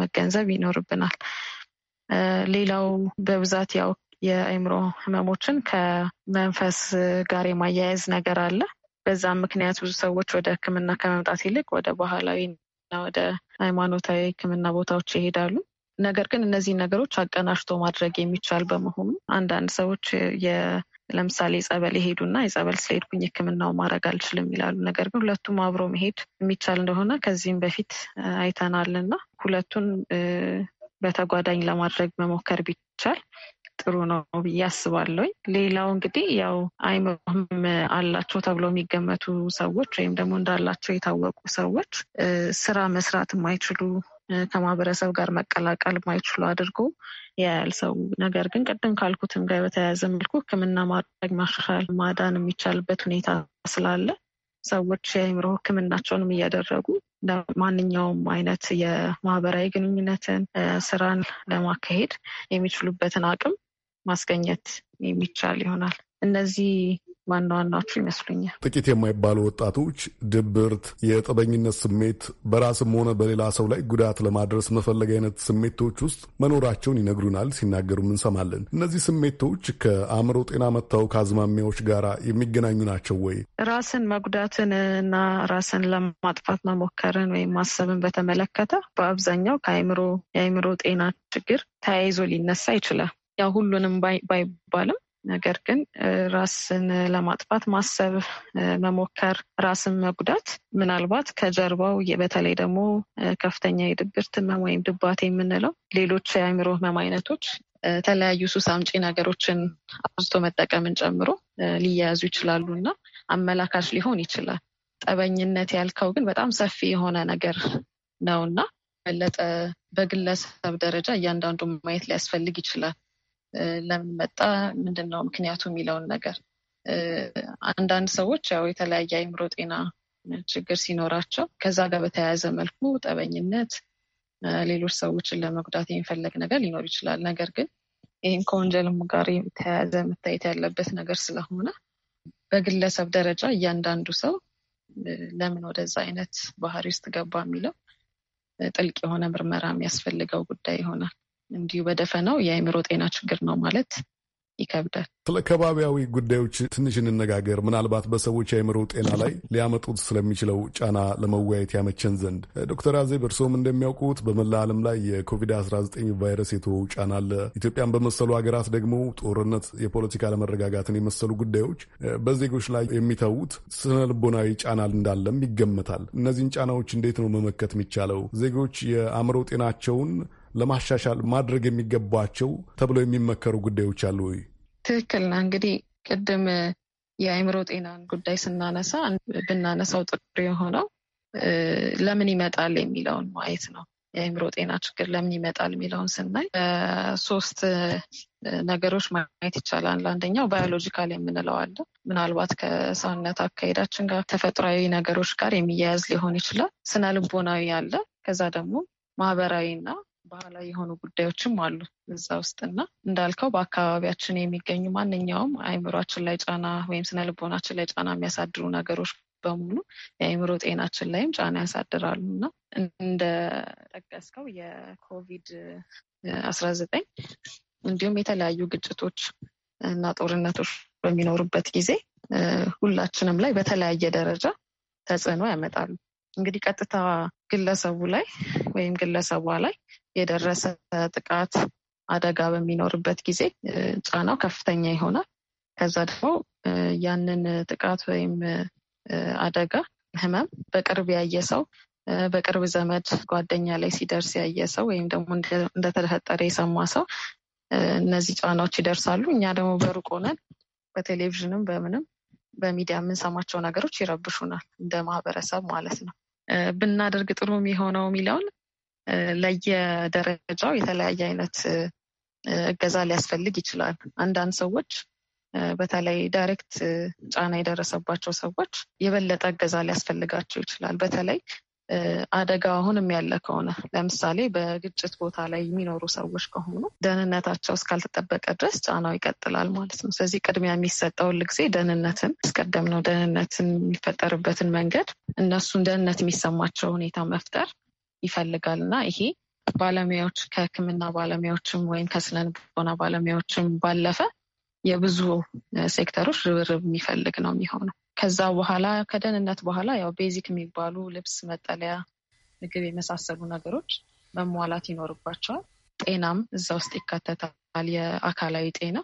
መገንዘብ ይኖርብናል። ሌላው በብዛት ያው የአይምሮ ህመሞችን ከመንፈስ ጋር የማያያዝ ነገር አለ። በዛም ምክንያት ብዙ ሰዎች ወደ ህክምና ከመምጣት ይልቅ ወደ ባህላዊ ወደ ሃይማኖታዊ ሕክምና ቦታዎች ይሄዳሉ። ነገር ግን እነዚህን ነገሮች አቀናሽቶ ማድረግ የሚቻል በመሆኑ አንዳንድ ሰዎች ለምሳሌ የጸበል የሄዱና የጸበል ስለሄድኩኝ ህክምናው ማድረግ አልችልም ይላሉ። ነገር ግን ሁለቱም አብሮ መሄድ የሚቻል እንደሆነ ከዚህም በፊት አይተናል እና ሁለቱን በተጓዳኝ ለማድረግ መሞከር ቢቻል ጥሩ ነው ብዬ አስባለሁኝ። ሌላው እንግዲህ ያው አይምሮም አላቸው ተብሎ የሚገመቱ ሰዎች ወይም ደግሞ እንዳላቸው የታወቁ ሰዎች ስራ መስራት የማይችሉ ከማህበረሰብ ጋር መቀላቀል የማይችሉ አድርጎ ያያል ሰው። ነገር ግን ቅድም ካልኩትም ጋር በተያያዘ መልኩ ሕክምና ማድረግ ማሻሻል፣ ማዳን የሚቻልበት ሁኔታ ስላለ ሰዎች የአይምሮ ሕክምናቸውንም እያደረጉ ለማንኛውም አይነት የማህበራዊ ግንኙነትን ስራን ለማካሄድ የሚችሉበትን አቅም ማስገኘት የሚቻል ይሆናል። እነዚህ ዋና ዋናዎቹ ይመስሉኛል። ጥቂት የማይባሉ ወጣቶች ድብርት፣ የጥበኝነት ስሜት፣ በራስም ሆነ በሌላ ሰው ላይ ጉዳት ለማድረስ መፈለግ አይነት ስሜቶች ውስጥ መኖራቸውን ይነግሩናል፣ ሲናገሩም እንሰማለን። እነዚህ ስሜቶች ከአእምሮ ጤና መታወክ አዝማሚያዎች ጋር የሚገናኙ ናቸው ወይ? ራስን መጉዳትን እና ራስን ለማጥፋት መሞከርን ወይም ማሰብን በተመለከተ በአብዛኛው ከአእምሮ የአእምሮ ጤና ችግር ተያይዞ ሊነሳ ይችላል። ያው ሁሉንም ባይባልም ነገር ግን ራስን ለማጥፋት ማሰብ፣ መሞከር፣ ራስን መጉዳት ምናልባት ከጀርባው በተለይ ደግሞ ከፍተኛ የድብርት ህመም ወይም ድባት የምንለው ሌሎች የአእምሮ ህመም አይነቶች የተለያዩ ሱስ አምጪ ነገሮችን አብዝቶ መጠቀምን ጨምሮ ሊያያዙ ይችላሉ እና አመላካች ሊሆን ይችላል። ጠበኝነት ያልከው ግን በጣም ሰፊ የሆነ ነገር ነው እና በለጠ በግለሰብ ደረጃ እያንዳንዱ ማየት ሊያስፈልግ ይችላል። ለምን መጣ፣ ምንድን ነው ምክንያቱ የሚለውን ነገር አንዳንድ ሰዎች ያው የተለያየ አይምሮ ጤና ችግር ሲኖራቸው ከዛ ጋር በተያያዘ መልኩ ጠበኝነት፣ ሌሎች ሰዎችን ለመጉዳት የሚፈለግ ነገር ሊኖር ይችላል። ነገር ግን ይህም ከወንጀልም ጋር የተያያዘ መታየት ያለበት ነገር ስለሆነ በግለሰብ ደረጃ እያንዳንዱ ሰው ለምን ወደዛ አይነት ባህሪ ውስጥ ገባ የሚለው ጥልቅ የሆነ ምርመራ የሚያስፈልገው ጉዳይ ይሆናል። እንዲሁ በደፈናው የአእምሮ ጤና ችግር ነው ማለት ይከብዳል። ስለ ከባቢያዊ ጉዳዮች ትንሽ እንነጋገር፣ ምናልባት በሰዎች የአእምሮ ጤና ላይ ሊያመጡት ስለሚችለው ጫና ለመወያየት ያመቸን ዘንድ። ዶክተር አዜብ እርስዎም እንደሚያውቁት በመላ ዓለም ላይ የኮቪድ-19 ቫይረስ የተወው ጫና አለ። ኢትዮጵያን በመሰሉ ሀገራት ደግሞ ጦርነት፣ የፖለቲካ አለመረጋጋትን የመሰሉ ጉዳዮች በዜጎች ላይ የሚተዉት ስነ ልቦናዊ ጫና እንዳለም ይገመታል። እነዚህን ጫናዎች እንዴት ነው መመከት የሚቻለው? ዜጎች የአእምሮ ጤናቸውን ለማሻሻል ማድረግ የሚገባቸው ተብለው የሚመከሩ ጉዳዮች አሉ ወይ? ትክክል እንግዲህ ቅድም የአእምሮ ጤናን ጉዳይ ስናነሳ ብናነሳው ጥሩ የሆነው ለምን ይመጣል የሚለውን ማየት ነው። የአእምሮ ጤና ችግር ለምን ይመጣል የሚለውን ስናይ ሶስት ነገሮች ማየት ይቻላል። አንደኛው ባዮሎጂካል የምንለው አለ። ምናልባት ከሰውነት አካሄዳችን ጋር ተፈጥሯዊ ነገሮች ጋር የሚያያዝ ሊሆን ይችላል። ስነ ልቦናዊ አለ። ከዛ ደግሞ ማህበራዊ እና ባህላዊ የሆኑ ጉዳዮችም አሉ እዛ ውስጥ እና እንዳልከው በአካባቢያችን የሚገኙ ማንኛውም አእምሯችን ላይ ጫና ወይም ስነ ልቦናችን ላይ ጫና የሚያሳድሩ ነገሮች በሙሉ የአእምሮ ጤናችን ላይም ጫና ያሳድራሉ እና እንደጠቀስከው የኮቪድ አስራ ዘጠኝ እንዲሁም የተለያዩ ግጭቶች እና ጦርነቶች በሚኖሩበት ጊዜ ሁላችንም ላይ በተለያየ ደረጃ ተጽዕኖ ያመጣሉ። እንግዲህ ቀጥታ ግለሰቡ ላይ ወይም ግለሰቧ ላይ የደረሰ ጥቃት አደጋ በሚኖርበት ጊዜ ጫናው ከፍተኛ ይሆናል። ከዛ ደግሞ ያንን ጥቃት ወይም አደጋ ህመም በቅርብ ያየ ሰው በቅርብ ዘመድ ጓደኛ ላይ ሲደርስ ያየ ሰው ወይም ደግሞ እንደተፈጠረ የሰማ ሰው እነዚህ ጫናዎች ይደርሳሉ። እኛ ደግሞ በሩቅ ሆነን በቴሌቪዥንም በምንም በሚዲያ የምንሰማቸው ነገሮች ይረብሹናል፣ እንደ ማህበረሰብ ማለት ነው። ብናደርግ ጥሩ የሚሆነው የሚለውን ለየደረጃው የተለያየ አይነት እገዛ ሊያስፈልግ ይችላል። አንዳንድ ሰዎች በተለይ ዳይሬክት ጫና የደረሰባቸው ሰዎች የበለጠ እገዛ ሊያስፈልጋቸው ይችላል። በተለይ አደጋ አሁንም ያለ ከሆነ ለምሳሌ በግጭት ቦታ ላይ የሚኖሩ ሰዎች ከሆኑ ደህንነታቸው እስካልተጠበቀ ድረስ ጫናው ይቀጥላል ማለት ነው። ስለዚህ ቅድሚያ የሚሰጠው ጊዜ ደህንነትን አስቀደም ነው። ደህንነትን የሚፈጠርበትን መንገድ እነሱን ደህንነት የሚሰማቸው ሁኔታ መፍጠር ይፈልጋል እና ይሄ ባለሙያዎች ከሕክምና ባለሙያዎችም ወይም ከስነ ልቦና ባለሙያዎችም ባለፈ የብዙ ሴክተሮች ርብርብ የሚፈልግ ነው የሚሆነው። ከዛ በኋላ ከደህንነት በኋላ ያው ቤዚክ የሚባሉ ልብስ፣ መጠለያ፣ ምግብ የመሳሰሉ ነገሮች መሟላት ይኖርባቸዋል። ጤናም እዛ ውስጥ ይካተታል፣ የአካላዊ ጤና።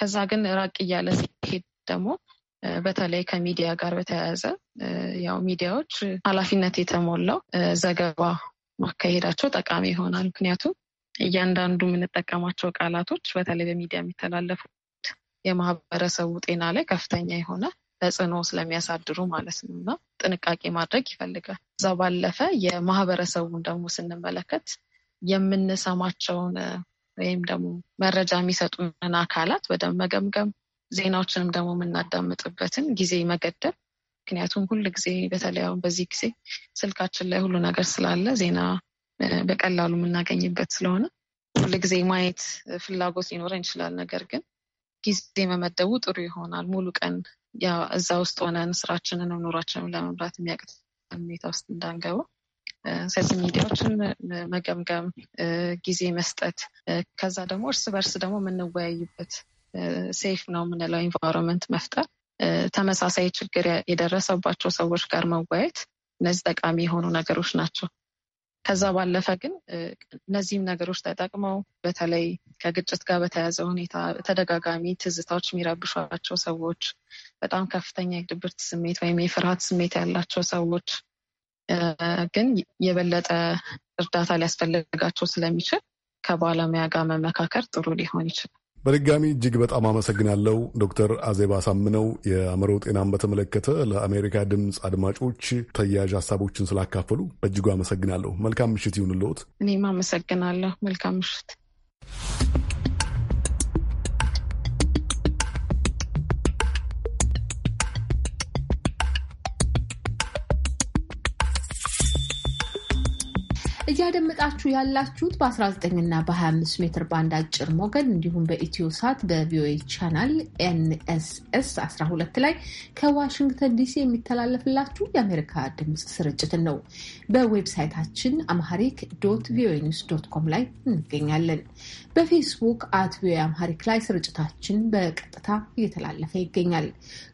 ከዛ ግን ራቅ እያለ ሲሄድ ደግሞ በተለይ ከሚዲያ ጋር በተያያዘ ያው ሚዲያዎች ኃላፊነት የተሞላው ዘገባ ማካሄዳቸው ጠቃሚ ይሆናል። ምክንያቱም እያንዳንዱ የምንጠቀማቸው ቃላቶች በተለይ በሚዲያ የሚተላለፉት የማህበረሰቡ ጤና ላይ ከፍተኛ የሆነ ተጽዕኖ ስለሚያሳድሩ ማለት ነው እና ጥንቃቄ ማድረግ ይፈልጋል። እዛ ባለፈ የማህበረሰቡን ደግሞ ስንመለከት የምንሰማቸውን ወይም ደግሞ መረጃ የሚሰጡን አካላት ወደ መገምገም፣ ዜናዎችንም ደግሞ የምናዳምጥበትን ጊዜ መገደብ ምክንያቱም ሁል ጊዜ በተለያዩ በዚህ ጊዜ ስልካችን ላይ ሁሉ ነገር ስላለ ዜና በቀላሉ የምናገኝበት ስለሆነ ሁል ጊዜ ማየት ፍላጎት ሊኖረን ይችላል። ነገር ግን ጊዜ መመደቡ ጥሩ ይሆናል። ሙሉ ቀን እዛ ውስጥ ሆነን ስራችንን ኑሯችንን ለመምራት የሚያቅት ሁኔታ ውስጥ እንዳንገቡ ስለዚህ ሚዲያዎችን መገምገም፣ ጊዜ መስጠት ከዛ ደግሞ እርስ በርስ ደግሞ የምንወያይበት ሴፍ ነው የምንለው ኢንቫይሮንመንት መፍጠር፣ ተመሳሳይ ችግር የደረሰባቸው ሰዎች ጋር መወያየት እነዚህ ጠቃሚ የሆኑ ነገሮች ናቸው። ከዛ ባለፈ ግን እነዚህም ነገሮች ተጠቅመው በተለይ ከግጭት ጋር በተያያዘ ሁኔታ ተደጋጋሚ ትዝታዎች የሚረብሿቸው ሰዎች፣ በጣም ከፍተኛ የድብርት ስሜት ወይም የፍርሃት ስሜት ያላቸው ሰዎች ግን የበለጠ እርዳታ ሊያስፈልጋቸው ስለሚችል ከባለሙያ ጋር መመካከር ጥሩ ሊሆን ይችላል። በድጋሚ እጅግ በጣም አመሰግናለሁ ዶክተር አዜባ ሳምነው የአእምሮ ጤናን በተመለከተ ለአሜሪካ ድምፅ አድማጮች ተያያዥ ሀሳቦችን ስላካፈሉ በእጅጉ አመሰግናለሁ። መልካም ምሽት ይሁንልዎት። እኔም አመሰግናለሁ። መልካም ምሽት። እያደመጣችሁ ያላችሁት በ19ና በ25 ሜትር ባንድ አጭር ሞገድ እንዲሁም በኢትዮ ሳት በቪኦኤ ቻናል ኤንኤስኤስ 12 ላይ ከዋሽንግተን ዲሲ የሚተላለፍላችሁ የአሜሪካ ድምፅ ስርጭትን ነው። በዌብሳይታችን አምሃሪክ ዶት ቪኦኤ ኒውስ ዶት ኮም ላይ እንገኛለን። በፌስቡክ አት ቪኦኤ አምሃሪክ ላይ ስርጭታችን በቀጥታ እየተላለፈ ይገኛል።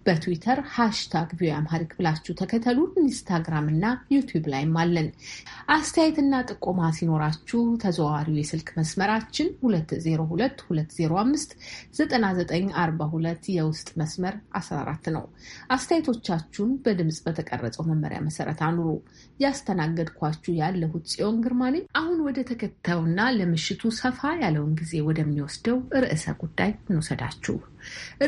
በትዊተር ሃሽታግ ቪኦኤ አምሃሪክ ብላችሁ ተከተሉን። ኢንስታግራም እና ዩቲዩብ ላይም አለን። አስተያየትና ጥቆማ ሲኖራችሁ ተዘዋዋሪው የስልክ መስመራችን 2022059942 የውስጥ መስመር 14 ነው። አስተያየቶቻችሁን በድምፅ በተቀረጸው መመሪያ መሰረት አኑሩ። ያስተናገድኳችሁ ያለሁት ጽዮን ግርማ ነኝ። አሁን ወደ ተከታዩና ለምሽቱ ሰፋ ያለውን ጊዜ ወደሚወስደው ርዕሰ ጉዳይ እንውሰዳችሁ።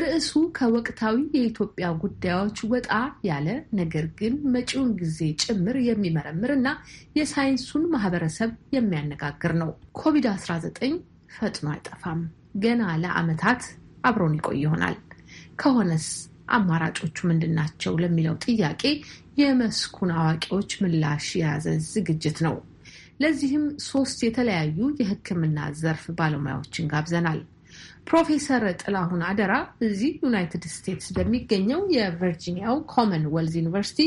ርዕሱ ከወቅታዊ የኢትዮጵያ ጉዳዮች ወጣ ያለ ነገር ግን መጪውን ጊዜ ጭምር የሚመረምር እና የሳይንሱን ማህበረሰብ የሚያነጋግር ነው። ኮቪድ-19 ፈጥኖ አይጠፋም። ገና ለዓመታት አብሮን ይቆይ ይሆናል። ከሆነስ አማራጮቹ ምንድን ናቸው ለሚለው ጥያቄ የመስኩን አዋቂዎች ምላሽ የያዘ ዝግጅት ነው። ለዚህም ሶስት የተለያዩ የሕክምና ዘርፍ ባለሙያዎችን ጋብዘናል። ፕሮፌሰር ጥላሁን አደራ እዚህ ዩናይትድ ስቴትስ በሚገኘው የቨርጂኒያው ኮመን ዌልዝ ዩኒቨርሲቲ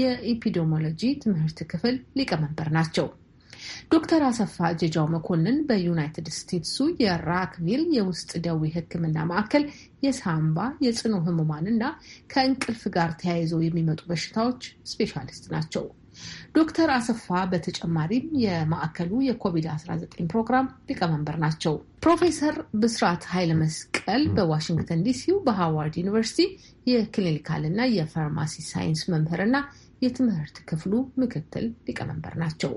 የኢፒዲሞሎጂ ትምህርት ክፍል ሊቀመንበር ናቸው። ዶክተር አሰፋ ጀጃው መኮንን በዩናይትድ ስቴትሱ የራክቪል የውስጥ ደዌ ሕክምና ማዕከል የሳምባ የጽኑ ህሙማን እና ከእንቅልፍ ጋር ተያይዘው የሚመጡ በሽታዎች ስፔሻሊስት ናቸው። ዶክተር አሰፋ በተጨማሪም የማዕከሉ የኮቪድ-19 ፕሮግራም ሊቀመንበር ናቸው። ፕሮፌሰር ብስራት ኃይለ መስቀል በዋሽንግተን ዲሲው በሃዋርድ ዩኒቨርሲቲ የክሊኒካልና የፋርማሲ ሳይንስ መምህርና የትምህርት ክፍሉ ምክትል ሊቀመንበር ናቸው።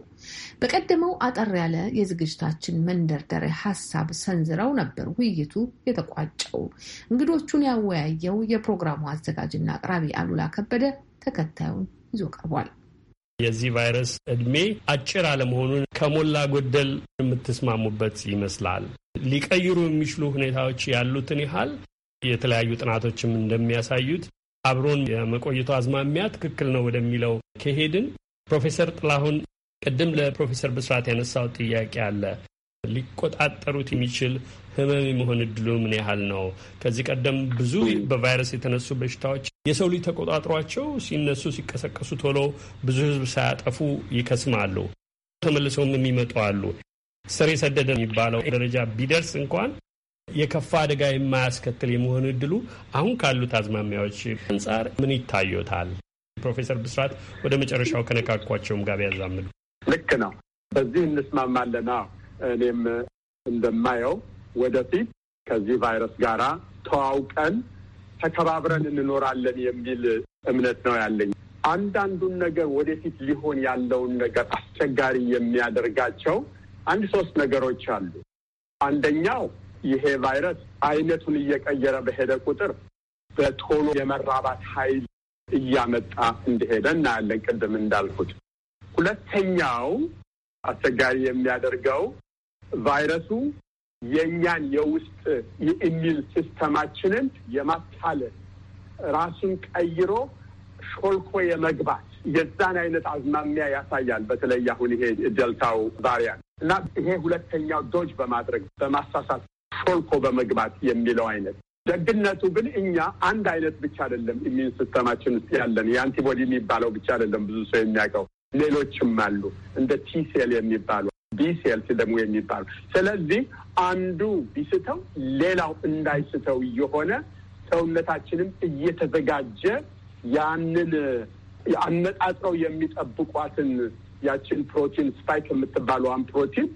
በቀደመው አጠር ያለ የዝግጅታችን መንደርደሪያ ሀሳብ ሰንዝረው ነበር ውይይቱ የተቋጨው። እንግዶቹን ያወያየው የፕሮግራሙ አዘጋጅና አቅራቢ አሉላ ከበደ ተከታዩን ይዞ ቀርቧል። የዚህ ቫይረስ እድሜ አጭር አለመሆኑን ከሞላ ጎደል የምትስማሙበት ይመስላል። ሊቀይሩ የሚችሉ ሁኔታዎች ያሉትን ያህል የተለያዩ ጥናቶችም እንደሚያሳዩት አብሮን የመቆየቱ አዝማሚያ ትክክል ነው ወደሚለው ከሄድን ፕሮፌሰር ጥላሁን ቅድም ለፕሮፌሰር ብስራት ያነሳው ጥያቄ አለ። ሊቆጣጠሩት የሚችል ህመም የመሆን እድሉ ምን ያህል ነው? ከዚህ ቀደም ብዙ በቫይረስ የተነሱ በሽታዎች የሰው ልጅ ተቆጣጥሯቸው ሲነሱ ሲቀሰቀሱ ቶሎ ብዙ ህዝብ ሳያጠፉ ይከስማሉ። ተመልሰውም የሚመጡ አሉ። ስር የሰደደ የሚባለው ደረጃ ቢደርስ እንኳን የከፋ አደጋ የማያስከትል የመሆን እድሉ አሁን ካሉት አዝማሚያዎች አንጻር ምን ይታዩታል? ፕሮፌሰር ብስራት ወደ መጨረሻው ከነካኳቸውም ጋር ያዛምዱ። ልክ ነው። በዚህ እንስማማለና እኔም እንደማየው ወደፊት ከዚህ ቫይረስ ጋራ ተዋውቀን ተከባብረን እንኖራለን የሚል እምነት ነው ያለኝ። አንዳንዱን ነገር ወደፊት ሊሆን ያለውን ነገር አስቸጋሪ የሚያደርጋቸው አንድ ሶስት ነገሮች አሉ። አንደኛው ይሄ ቫይረስ አይነቱን እየቀየረ በሄደ ቁጥር በቶሎ የመራባት ኃይል እያመጣ እንደሄደ እናያለን። ቅድም እንዳልኩት ሁለተኛው አስቸጋሪ የሚያደርገው ቫይረሱ የእኛን የውስጥ የኢሚል ሲስተማችንን የማታለል ራሱን ቀይሮ ሾልኮ የመግባት የዛን አይነት አዝማሚያ ያሳያል። በተለይ አሁን ይሄ ደልታው ቫሪያንት እና ይሄ ሁለተኛው ዶጅ በማድረግ በማሳሳት ሾልኮ በመግባት የሚለው አይነት ደግነቱ ግን እኛ አንድ አይነት ብቻ አይደለም። ኢሚን ሲስተማችን ውስጥ ያለን የአንቲቦዲ የሚባለው ብቻ አይደለም። ብዙ ሰው የሚያውቀው ሌሎችም አሉ እንደ ቲሴል የሚባሉ ቢሴልስ ደግሞ የሚባሉ ስለዚህ አንዱ ቢስተው ሌላው እንዳይስተው እየሆነ ሰውነታችንም እየተዘጋጀ ያንን አነጣጥረው የሚጠብቋትን ያችን ፕሮቲን ስፓይክ የምትባለዋን ፕሮቲን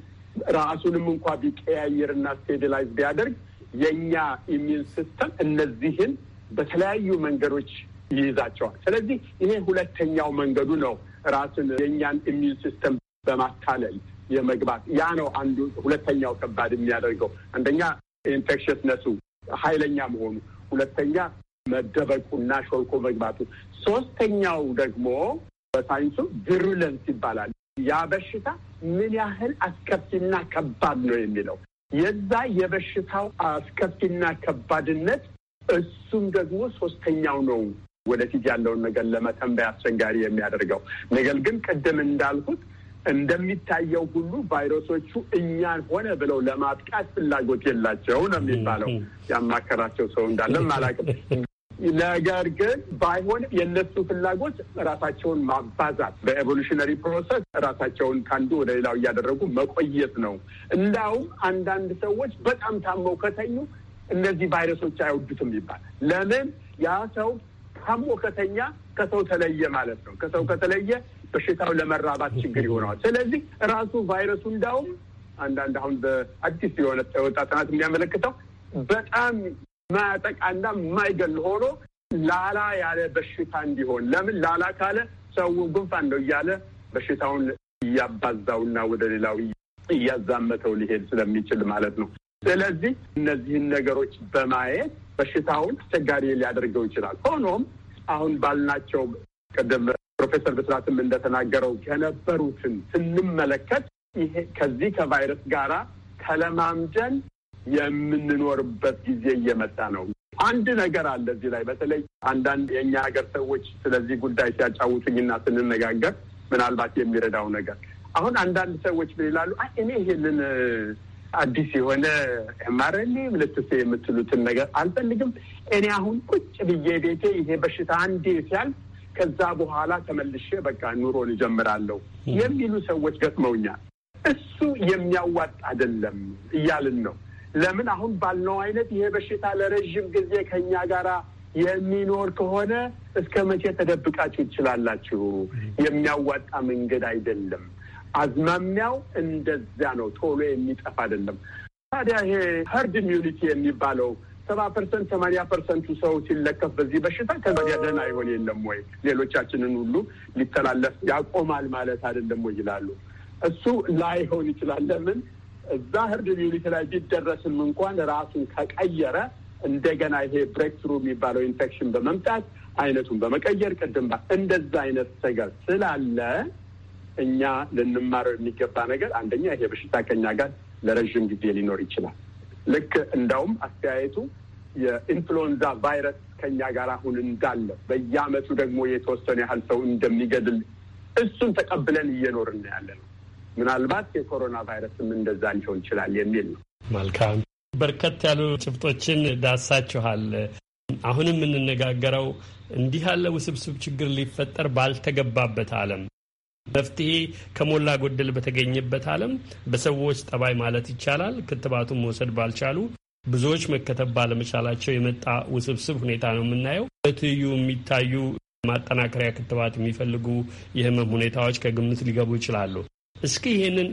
ራሱንም እንኳ ቢቀያየርና ስቴቢላይዝ ቢያደርግ የእኛ ኢሚዩን ሲስተም እነዚህን በተለያዩ መንገዶች ይይዛቸዋል። ስለዚህ ይሄ ሁለተኛው መንገዱ ነው፣ ራስን የእኛን ኢሚዩን ሲስተም በማታለል የመግባት ያ ነው አንዱ ሁለተኛው ከባድ የሚያደርገው አንደኛ ኢንፌክሽስነሱ ኃይለኛ መሆኑ፣ ሁለተኛ መደበቁና ሾልኮ መግባቱ፣ ሶስተኛው ደግሞ በሳይንሱ ቪሩለንስ ይባላል። ያ በሽታ ምን ያህል አስከፊና ከባድ ነው የሚለው የዛ የበሽታው አስከፊና ከባድነት እሱም ደግሞ ሶስተኛው ነው ወደፊት ያለውን ነገር ለመተንበይ አስቸጋሪ የሚያደርገው ነገር ግን ቅድም እንዳልኩት እንደሚታየው ሁሉ ቫይረሶቹ እኛን ሆነ ብለው ለማጥቃት ፍላጎት የላቸው ነው የሚባለው። ያማከራቸው ሰው እንዳለም አላውቅም። ነገር ግን ባይሆን የእነሱ ፍላጎት ራሳቸውን ማባዛት በኤቮሉሽነሪ ፕሮሰስ ራሳቸውን ከአንዱ ወደ ሌላው እያደረጉ መቆየት ነው። እንዳውም አንዳንድ ሰዎች በጣም ታመው ከተኙ እነዚህ ቫይረሶች አይወዱትም ይባል። ለምን ያ ሰው ታሞ ከተኛ ከሰው ተለየ ማለት ነው። ከሰው ከተለየ በሽታው ለመራባት ችግር ይሆነዋል። ስለዚህ ራሱ ቫይረሱ እንዳውም አንዳንድ አሁን በአዲስ የሆነ የወጣ ጥናት የሚያመለክተው በጣም ማያጠቃና የማይገል ሆኖ ላላ ያለ በሽታ እንዲሆን ለምን ላላ ካለ ሰው ጉንፋን ነው እያለ በሽታውን እያባዛውና ወደ ሌላው እያዛመተው ሊሄድ ስለሚችል ማለት ነው። ስለዚህ እነዚህን ነገሮች በማየት በሽታውን አስቸጋሪ ሊያደርገው ይችላል። ሆኖም አሁን ባልናቸው ቅድም ፕሮፌሰር ብስራትም እንደተናገረው የነበሩትን ስንመለከት ይሄ ከዚህ ከቫይረስ ጋራ ተለማምደን የምንኖርበት ጊዜ እየመጣ ነው። አንድ ነገር አለ እዚህ ላይ በተለይ አንዳንድ የእኛ ሀገር ሰዎች ስለዚህ ጉዳይ ሲያጫውቱኝና ስንነጋገር ምናልባት የሚረዳው ነገር አሁን አንዳንድ ሰዎች ምን ይላሉ? እኔ ይሄንን አዲስ የሆነ ማረኔ ምልክት የምትሉትን ነገር አልፈልግም። እኔ አሁን ቁጭ ብዬ ቤቴ ይሄ በሽታ አንዴ ሲያልፍ ከዛ በኋላ ተመልሼ በቃ ኑሮን እጀምራለሁ የሚሉ ሰዎች ገጥመውኛል። እሱ የሚያዋጥ አይደለም እያልን ነው። ለምን አሁን ባልነው አይነት ይሄ በሽታ ለረዥም ጊዜ ከኛ ጋር የሚኖር ከሆነ እስከ መቼ ተደብቃችሁ ትችላላችሁ? የሚያዋጣ መንገድ አይደለም። አዝማሚያው እንደዛ ነው። ቶሎ የሚጠፋ አይደለም። ታዲያ ይሄ ሀርድ ኢሚዩኒቲ የሚባለው ሰባ ፐርሰንት ሰማኒያ ፐርሰንቱ ሰው ሲለከፍ በዚህ በሽታ ከዚያ ደህና ይሆን የለም ወይ ሌሎቻችንን ሁሉ ሊተላለፍ ያቆማል ማለት አይደለም ወይ ይላሉ። እሱ ላይሆን ይችላል። ለምን እዛ ህርድ ኢሚዩኒቲ ላይ ቢደረስም እንኳን ራሱን ከቀየረ እንደገና ይሄ ብሬክትሩ የሚባለው ኢንፌክሽን በመምጣት አይነቱን በመቀየር ቅድም እንደዛ አይነት ነገር ስላለ እኛ ልንማረው የሚገባ ነገር አንደኛ ይሄ በሽታ ከኛ ጋር ለረዥም ጊዜ ሊኖር ይችላል። ልክ እንዳውም አስተያየቱ የኢንፍሉዌንዛ ቫይረስ ከኛ ጋር አሁን እንዳለ በየአመቱ ደግሞ የተወሰነ ያህል ሰው እንደሚገድል እሱን ተቀብለን እየኖርን ያለ ነው። ምናልባት የኮሮና ቫይረስም እንደዛ ሊሆን ይችላል የሚል ነው። መልካም በርከት ያሉ ጭብጦችን ዳሳችኋል። አሁንም የምንነጋገረው እንዲህ ያለ ውስብስብ ችግር ሊፈጠር ባልተገባበት ዓለም መፍትሄ ከሞላ ጎደል በተገኘበት ዓለም በሰዎች ጠባይ ማለት ይቻላል ክትባቱን መውሰድ ባልቻሉ ብዙዎች መከተብ ባለመቻላቸው የመጣ ውስብስብ ሁኔታ ነው የምናየው። በትይዩ የሚታዩ ማጠናከሪያ ክትባት የሚፈልጉ የህመም ሁኔታዎች ከግምት ሊገቡ ይችላሉ። እስኪ ይህንን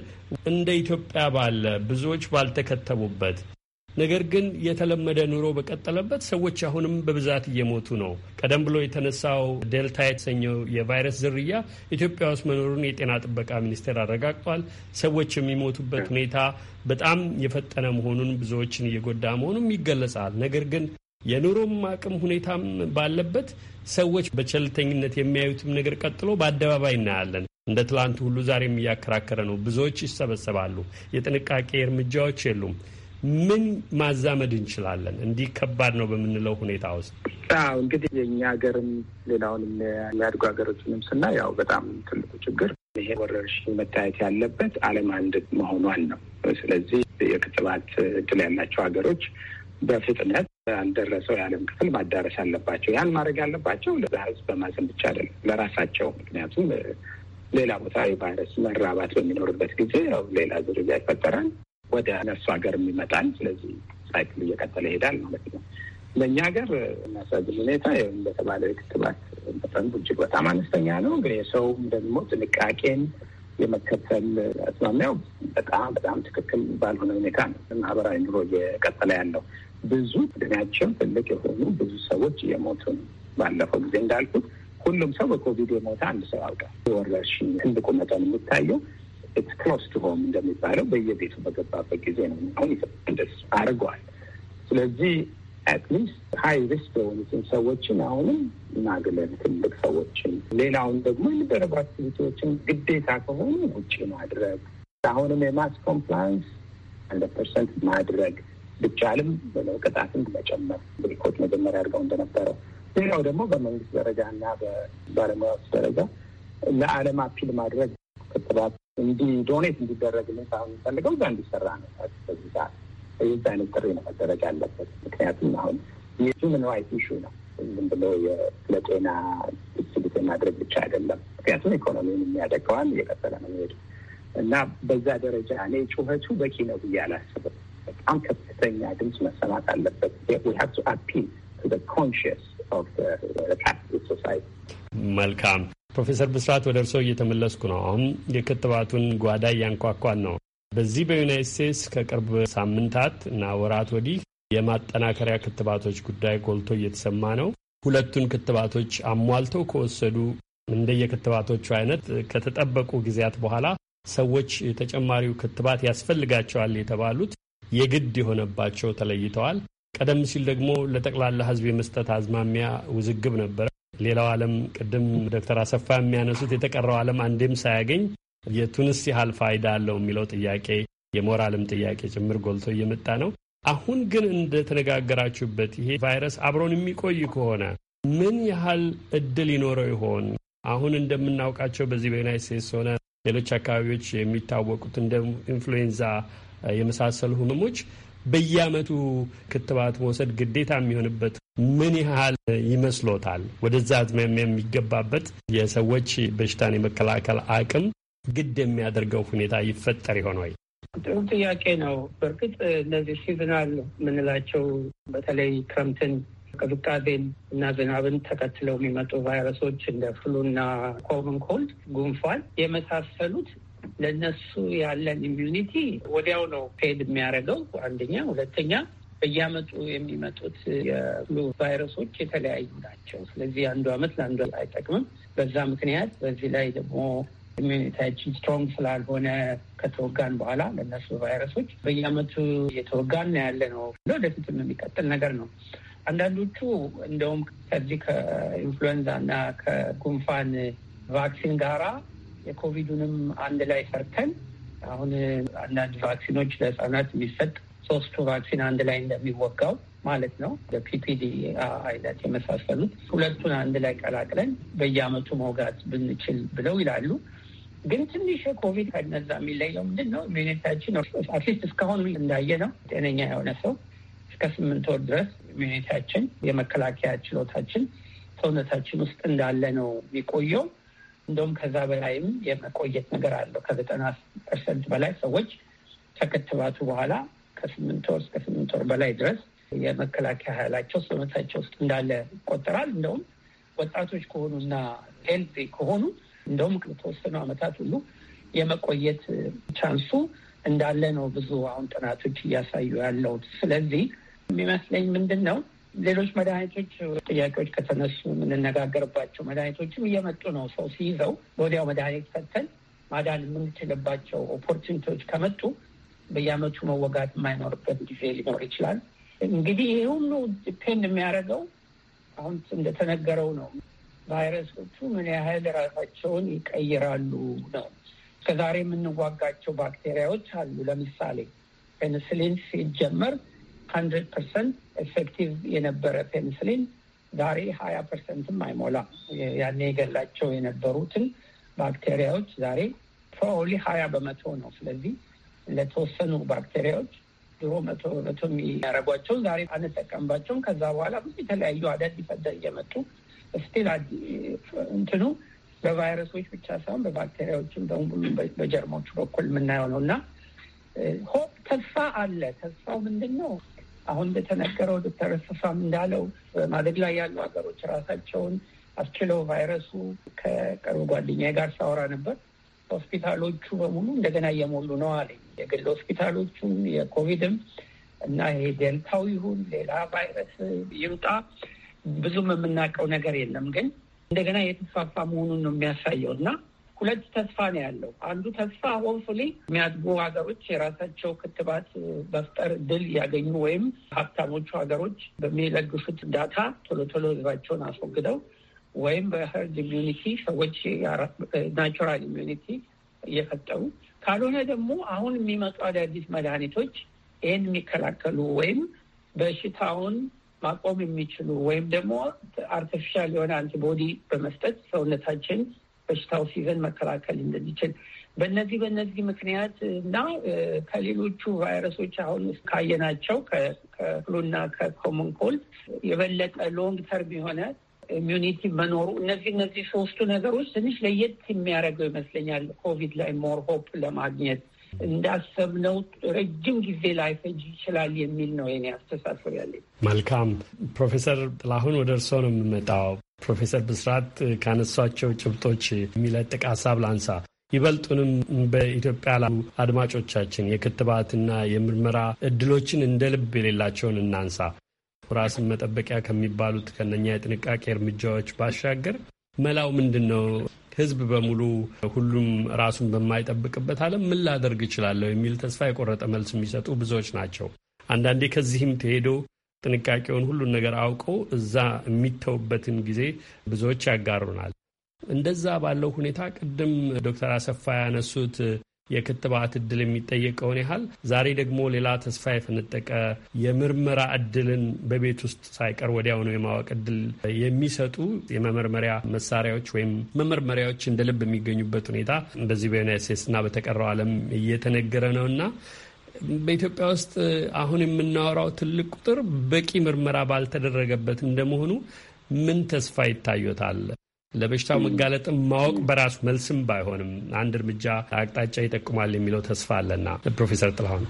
እንደ ኢትዮጵያ ባለ ብዙዎች ባልተከተቡበት ነገር ግን የተለመደ ኑሮ በቀጠለበት ሰዎች አሁንም በብዛት እየሞቱ ነው። ቀደም ብሎ የተነሳው ዴልታ የተሰኘው የቫይረስ ዝርያ ኢትዮጵያ ውስጥ መኖሩን የጤና ጥበቃ ሚኒስቴር አረጋግጧል። ሰዎች የሚሞቱበት ሁኔታ በጣም የፈጠነ መሆኑን፣ ብዙዎችን እየጎዳ መሆኑም ይገለጻል። ነገር ግን የኑሮም አቅም ሁኔታም ባለበት ሰዎች በቸልተኝነት የሚያዩትም ነገር ቀጥሎ በአደባባይ እናያለን። እንደ ትላንቱ ሁሉ ዛሬም እያከራከረ ነው። ብዙዎች ይሰበሰባሉ። የጥንቃቄ እርምጃዎች የሉም። ምን ማዛመድ እንችላለን? እንዲህ ከባድ ነው በምንለው ሁኔታ ውስጥ አዎ እንግዲህ የእኛ ሀገርም ሌላውን የሚያድጉ ሀገሮችንም ስና ያው በጣም ትልቁ ችግር ይሄ ወረርሽኝ መታየት ያለበት ዓለም አንድ መሆኗን ነው። ስለዚህ የክትባት እድል ያላቸው ሀገሮች በፍጥነት ያልደረሰው የዓለም ክፍል ማዳረስ አለባቸው። ያን ማድረግ ያለባቸው ለህዝብ በማዘን ብቻ አይደለም፣ ለራሳቸው ምክንያቱም ሌላ ቦታ የቫይረስ መራባት በሚኖርበት ጊዜ ያው ሌላ ዝርያ ይፈጠራል። ወደ ነሱ ሀገርም ይመጣል። ስለዚህ ሳይክል እየቀጠለ ይሄዳል ማለት ነው። ለእኛ ሀገር የሚያሳዝን ሁኔታ እንደተባለው የክትባት መጠን እጅግ በጣም አነስተኛ ነው። ግን የሰውም ደግሞ ጥንቃቄን የመከተል አስማሚያው በጣም በጣም ትክክል ባልሆነ ሁኔታ ነው ማህበራዊ ኑሮ እየቀጠለ ያለው። ብዙ እድሜያቸው ትልቅ የሆኑ ብዙ ሰዎች እየሞቱ ነው። ባለፈው ጊዜ እንዳልኩት ሁሉም ሰው በኮቪድ የሞተ አንድ ሰው አውቃል። ወረርሽኝ ትልቁ መጠን የሚታየው ክሎስ ቱ ሆም እንደሚባለው በየቤቱ በገባበት ጊዜ ነው። አሁን እንደሱ አድርገዋል። ስለዚህ አትሊስት ሀይ ሪስክ የሆኑትን ሰዎችን አሁንም ማግለል፣ ትልቅ ሰዎችን፣ ሌላውን ደግሞ የሚደረጉ አክቲቪቲዎችን ግዴታ ከሆኑ ውጭ ማድረግ፣ አሁንም የማስ ኮምፕላንስ አንድ ፐርሰንት ማድረግ ብቻልም ቅጣትን መጨመር ብሪኮት መጀመሪያ አድርገው እንደነበረው ሌላው ደግሞ በመንግስት ደረጃ እና በባለሙያዎች ደረጃ ለዓለም አፒል ማድረግ ክትባት እንዲ ዶኔት እንዲደረግልን ሳይሆን የሚፈልገው እዛ እንዲሰራ ነው። በዚህ ሰዓት በዚህ አይነት ጥሪ ነው መደረግ ያለበት። ምክንያቱም አሁን የሁመን ራይት ኢሹ ነው። ዝም ብሎ ለጤና ጤና ስልት ማድረግ ብቻ አይደለም። ምክንያቱም ኢኮኖሚውን የሚያደገዋል እየቀጠለ ነው ሄዱ እና በዛ ደረጃ እኔ ጩኸቱ በቂ ነው ብዬ አላስብም። በጣም ከፍተኛ ድምፅ መሰማት አለበት። አፒል ኮንሽስ ኦፍ ሶሳይቲ መልካም ፕሮፌሰር ብስራት ወደ እርስዎ እየተመለስኩ ነው። አሁን የክትባቱን ጓዳ እያንኳኳን ነው። በዚህ በዩናይት ስቴትስ ከቅርብ ሳምንታት እና ወራት ወዲህ የማጠናከሪያ ክትባቶች ጉዳይ ጎልቶ እየተሰማ ነው። ሁለቱን ክትባቶች አሟልተው ከወሰዱ እንደየክትባቶቹ አይነት ከተጠበቁ ጊዜያት በኋላ ሰዎች ተጨማሪው ክትባት ያስፈልጋቸዋል የተባሉት የግድ የሆነባቸው ተለይተዋል። ቀደም ሲል ደግሞ ለጠቅላላ ሕዝብ የመስጠት አዝማሚያ ውዝግብ ነበረ። ሌላው ዓለም ቅድም ዶክተር አሰፋ የሚያነሱት የተቀረው ዓለም አንዴም ሳያገኝ የቱንስ ያህል ፋይዳ አለው የሚለው ጥያቄ የሞራልም ጥያቄ ጭምር ጎልቶ እየመጣ ነው። አሁን ግን እንደተነጋገራችሁበት ይሄ ቫይረስ አብሮን የሚቆይ ከሆነ ምን ያህል እድል ይኖረው ይሆን? አሁን እንደምናውቃቸው በዚህ በዩናይት ስቴትስ ሆነ ሌሎች አካባቢዎች የሚታወቁት እንደ ኢንፍሉዌንዛ የመሳሰሉ ህመሞች በየአመቱ ክትባት መውሰድ ግዴታ የሚሆንበት ምን ያህል ይመስሎታል? ወደዛ አዝማሚያ የሚገባበት የሰዎች በሽታን የመከላከል አቅም ግድ የሚያደርገው ሁኔታ ይፈጠር ይሆን ወይ? ጥሩ ጥያቄ ነው። በእርግጥ እነዚህ ሲዝናል የምንላቸው በተለይ ክረምትን ቅዝቃዜን እና ዝናብን ተከትለው የሚመጡ ቫይረሶች እንደ ፍሉና ኮመን ኮልድ፣ ጉንፋን የመሳሰሉት ለእነሱ ያለን ኢሚዩኒቲ ወዲያው ነው ፔድ የሚያደርገው አንደኛ። ሁለተኛ በየአመቱ የሚመጡት የፍሉ ቫይረሶች የተለያዩ ናቸው። ስለዚህ አንዱ አመት ለአንዱ አይጠቅምም። በዛ ምክንያት በዚህ ላይ ደግሞ ኢሚኒታችን ስትሮንግ ስላልሆነ ከተወጋን በኋላ ለእነሱ ቫይረሶች በየአመቱ እየተወጋን ያለ ነው። ወደፊትም የሚቀጥል ነገር ነው። አንዳንዶቹ እንደውም ከዚህ ከኢንፍሉዌንዛ እና ከጉንፋን ቫክሲን ጋራ የኮቪዱንም አንድ ላይ ሰርተን አሁን አንዳንድ ቫክሲኖች ለህጻናት የሚሰጥ ሶስቱ ቫክሲን አንድ ላይ እንደሚወጋው ማለት ነው። በፒፒዲ አይነት የመሳሰሉት ሁለቱን አንድ ላይ ቀላቅለን በየአመቱ መውጋት ብንችል ብለው ይላሉ። ግን ትንሽ የኮቪድ ከነዛ የሚለየው ምንድን ነው? ኢሚኒቲያችን አትሊስት እስካሁን እንዳየ ነው ጤነኛ የሆነ ሰው እስከ ስምንት ወር ድረስ ኢሚኒቲያችን የመከላከያ ችሎታችን ሰውነታችን ውስጥ እንዳለ ነው የሚቆየው። እንደውም ከዛ በላይም የመቆየት ነገር አለው። ከዘጠና ፐርሰንት በላይ ሰዎች ከክትባቱ በኋላ ከስምንት ወር እስከ ስምንት ወር በላይ ድረስ የመከላከያ ኃይላቸው ሰውነታቸው ውስጥ እንዳለ ይቆጠራል። እንደውም ወጣቶች ከሆኑና ሄልዚ ከሆኑ እንደውም ከተወሰኑ ዓመታት ሁሉ የመቆየት ቻንሱ እንዳለ ነው ብዙ አሁን ጥናቶች እያሳዩ ያለው። ስለዚህ የሚመስለኝ ምንድን ነው ሌሎች መድኃኒቶች ጥያቄዎች ከተነሱ የምንነጋገርባቸው መድኃኒቶችም እየመጡ ነው። ሰው ሲይዘው በወዲያው መድኃኒት ፈተን ማዳን የምንችልባቸው ኦፖርቹኒቲዎች ከመጡ በየአመቱ መወጋት የማይኖርበት ጊዜ ሊኖር ይችላል። እንግዲህ ይህ ሁሉ ዲፔንድ የሚያደርገው አሁን እንደተነገረው ነው። ቫይረሶቹ ምን ያህል ራሳቸውን ይቀይራሉ ነው። እስከዛሬ የምንዋጋቸው ባክቴሪያዎች አሉ። ለምሳሌ ፔንስሊን ሲጀመር ሀንድረድ ፐርሰንት ኤፌክቲቭ የነበረ ፔንስሊን ዛሬ ሀያ ፐርሰንትም አይሞላም። ያኔ የገላቸው የነበሩትን ባክቴሪያዎች ዛሬ ፕሮባብሊ ሀያ በመቶ ነው። ስለዚህ ለተወሰኑ ባክቴሪያዎች ድሮ መቶ በመቶ የሚያደርጓቸው ዛሬ አንጠቀምባቸውም። ከዛ በኋላ ብዙ የተለያዩ አዳዲስ ፈደ እየመጡ ስቲል እንትኑ በቫይረሶች ብቻ ሳይሆን በባክቴሪያዎችም በሙሉ በጀርሞቹ በኩል የምናየው ነው እና ሆፕ ተስፋ አለ። ተስፋው ምንድን ነው? አሁን በተነገረው ዶክተር እስፋም እንዳለው በማደግ ላይ ያሉ ሀገሮች ራሳቸውን አስችለው ቫይረሱ ከቅርብ ጓደኛ ጋር ሳወራ ነበር። ሆስፒታሎቹ በሙሉ እንደገና እየሞሉ ነው አለኝ። የግል ሆስፒታሎቹም የኮቪድም እና ይሄ ደልታው ይሁን ሌላ ቫይረስ ይምጣ ብዙም የምናውቀው ነገር የለም፣ ግን እንደገና የተስፋፋ መሆኑን ነው የሚያሳየው እና ሁለት ተስፋ ነው ያለው። አንዱ ተስፋ ሆፕፉሊ የሚያድጉ ሀገሮች የራሳቸው ክትባት መፍጠር ድል ያገኙ ወይም ሀብታሞቹ ሀገሮች በሚለግሱት ዳታ ቶሎ ቶሎ ህዝባቸውን አስወግደው ወይም በህርድ ኢሚኒቲ ሰዎች ናቹራል ኢሚዩኒቲ እየፈጠሩ ካልሆነ ደግሞ አሁን የሚመጡ አዳዲስ መድኃኒቶች ይህን የሚከላከሉ ወይም በሽታውን ማቆም የሚችሉ ወይም ደግሞ አርቲፊሻል የሆነ አንቲቦዲ በመስጠት ሰውነታችን በሽታው ሲዘን መከላከል እንደሚችል በእነዚህ በእነዚህ ምክንያት እና ከሌሎቹ ቫይረሶች አሁን ካየናቸው ከፍሉና ከኮመን ኮልድ የበለጠ ሎንግ ተርም የሆነ ኢሚኒቲ መኖሩ እነዚህ እነዚህ ሶስቱ ነገሮች ትንሽ ለየት የሚያደርገው ይመስለኛል። ኮቪድ ላይ ሞር ሆፕ ለማግኘት እንዳሰብነው ረጅም ጊዜ ላይፈጅ ይችላል የሚል ነው የኔ አስተሳሰብ ያለኝ። መልካም ፕሮፌሰር ጥላሁን ወደ እርስዎ ነው የምመጣው። ፕሮፌሰር ብስራት ካነሷቸው ጭብጦች የሚለጥቅ ሀሳብ ላንሳ። ይበልጡንም በኢትዮጵያ ላሉ አድማጮቻችን የክትባትና የምርመራ እድሎችን እንደ ልብ የሌላቸውን እናንሳ። ራስን መጠበቂያ ከሚባሉት ከነኛ የጥንቃቄ እርምጃዎች ባሻገር መላው ምንድን ነው? ህዝብ በሙሉ ሁሉም ራሱን በማይጠብቅበት ዓለም ምን ላደርግ እችላለሁ የሚል ተስፋ የቆረጠ መልስ የሚሰጡ ብዙዎች ናቸው። አንዳንዴ ከዚህም ተሄዶ ጥንቃቄውን ሁሉን ነገር አውቀው እዛ የሚተውበትን ጊዜ ብዙዎች ያጋሩናል። እንደዛ ባለው ሁኔታ ቅድም ዶክተር አሰፋ ያነሱት የክትባት እድል የሚጠየቀውን ያህል ዛሬ ደግሞ ሌላ ተስፋ የፈነጠቀ የምርመራ እድልን በቤት ውስጥ ሳይቀር ወዲያውኑ የማወቅ እድል የሚሰጡ የመመርመሪያ መሳሪያዎች ወይም መመርመሪያዎች እንደ ልብ የሚገኙበት ሁኔታ በዚህ በዩናይት ስቴትስና በተቀረው ዓለም እየተነገረ ነውና በኢትዮጵያ ውስጥ አሁን የምናወራው ትልቅ ቁጥር በቂ ምርመራ ባልተደረገበት እንደመሆኑ ምን ተስፋ ይታዩታል? ለበሽታው መጋለጥም ማወቅ በራሱ መልስም ባይሆንም አንድ እርምጃ አቅጣጫ ይጠቁማል የሚለው ተስፋ አለና ፕሮፌሰር ጥላሁን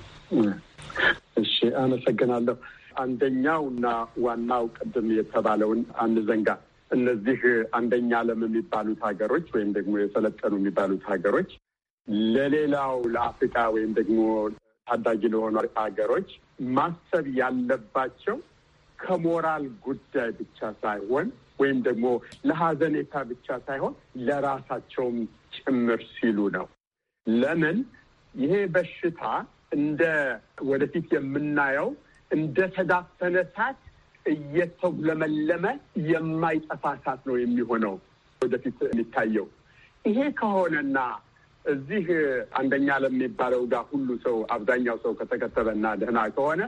እሺ፣ አመሰግናለሁ። አንደኛው እና ዋናው ቅድም የተባለውን አንዘንጋ። እነዚህ አንደኛ ዓለም የሚባሉት ሀገሮች ወይም ደግሞ የሰለጠኑ የሚባሉት ሀገሮች ለሌላው ለአፍሪካ ወይም ደግሞ ታዳጊ ለሆኑ ሀገሮች ማሰብ ያለባቸው ከሞራል ጉዳይ ብቻ ሳይሆን ወይም ደግሞ ለሀዘኔታ ብቻ ሳይሆን ለራሳቸውም ጭምር ሲሉ ነው። ለምን ይሄ በሽታ እንደ ወደፊት የምናየው እንደ ተዳፈነ እሳት እየተውለመለመ የማይጠፋ እሳት ነው የሚሆነው ወደፊት የሚታየው። ይሄ ከሆነና እዚህ አንደኛ ለሚባለው ጋር ሁሉ ሰው አብዛኛው ሰው ከተከተበና ደህና ከሆነ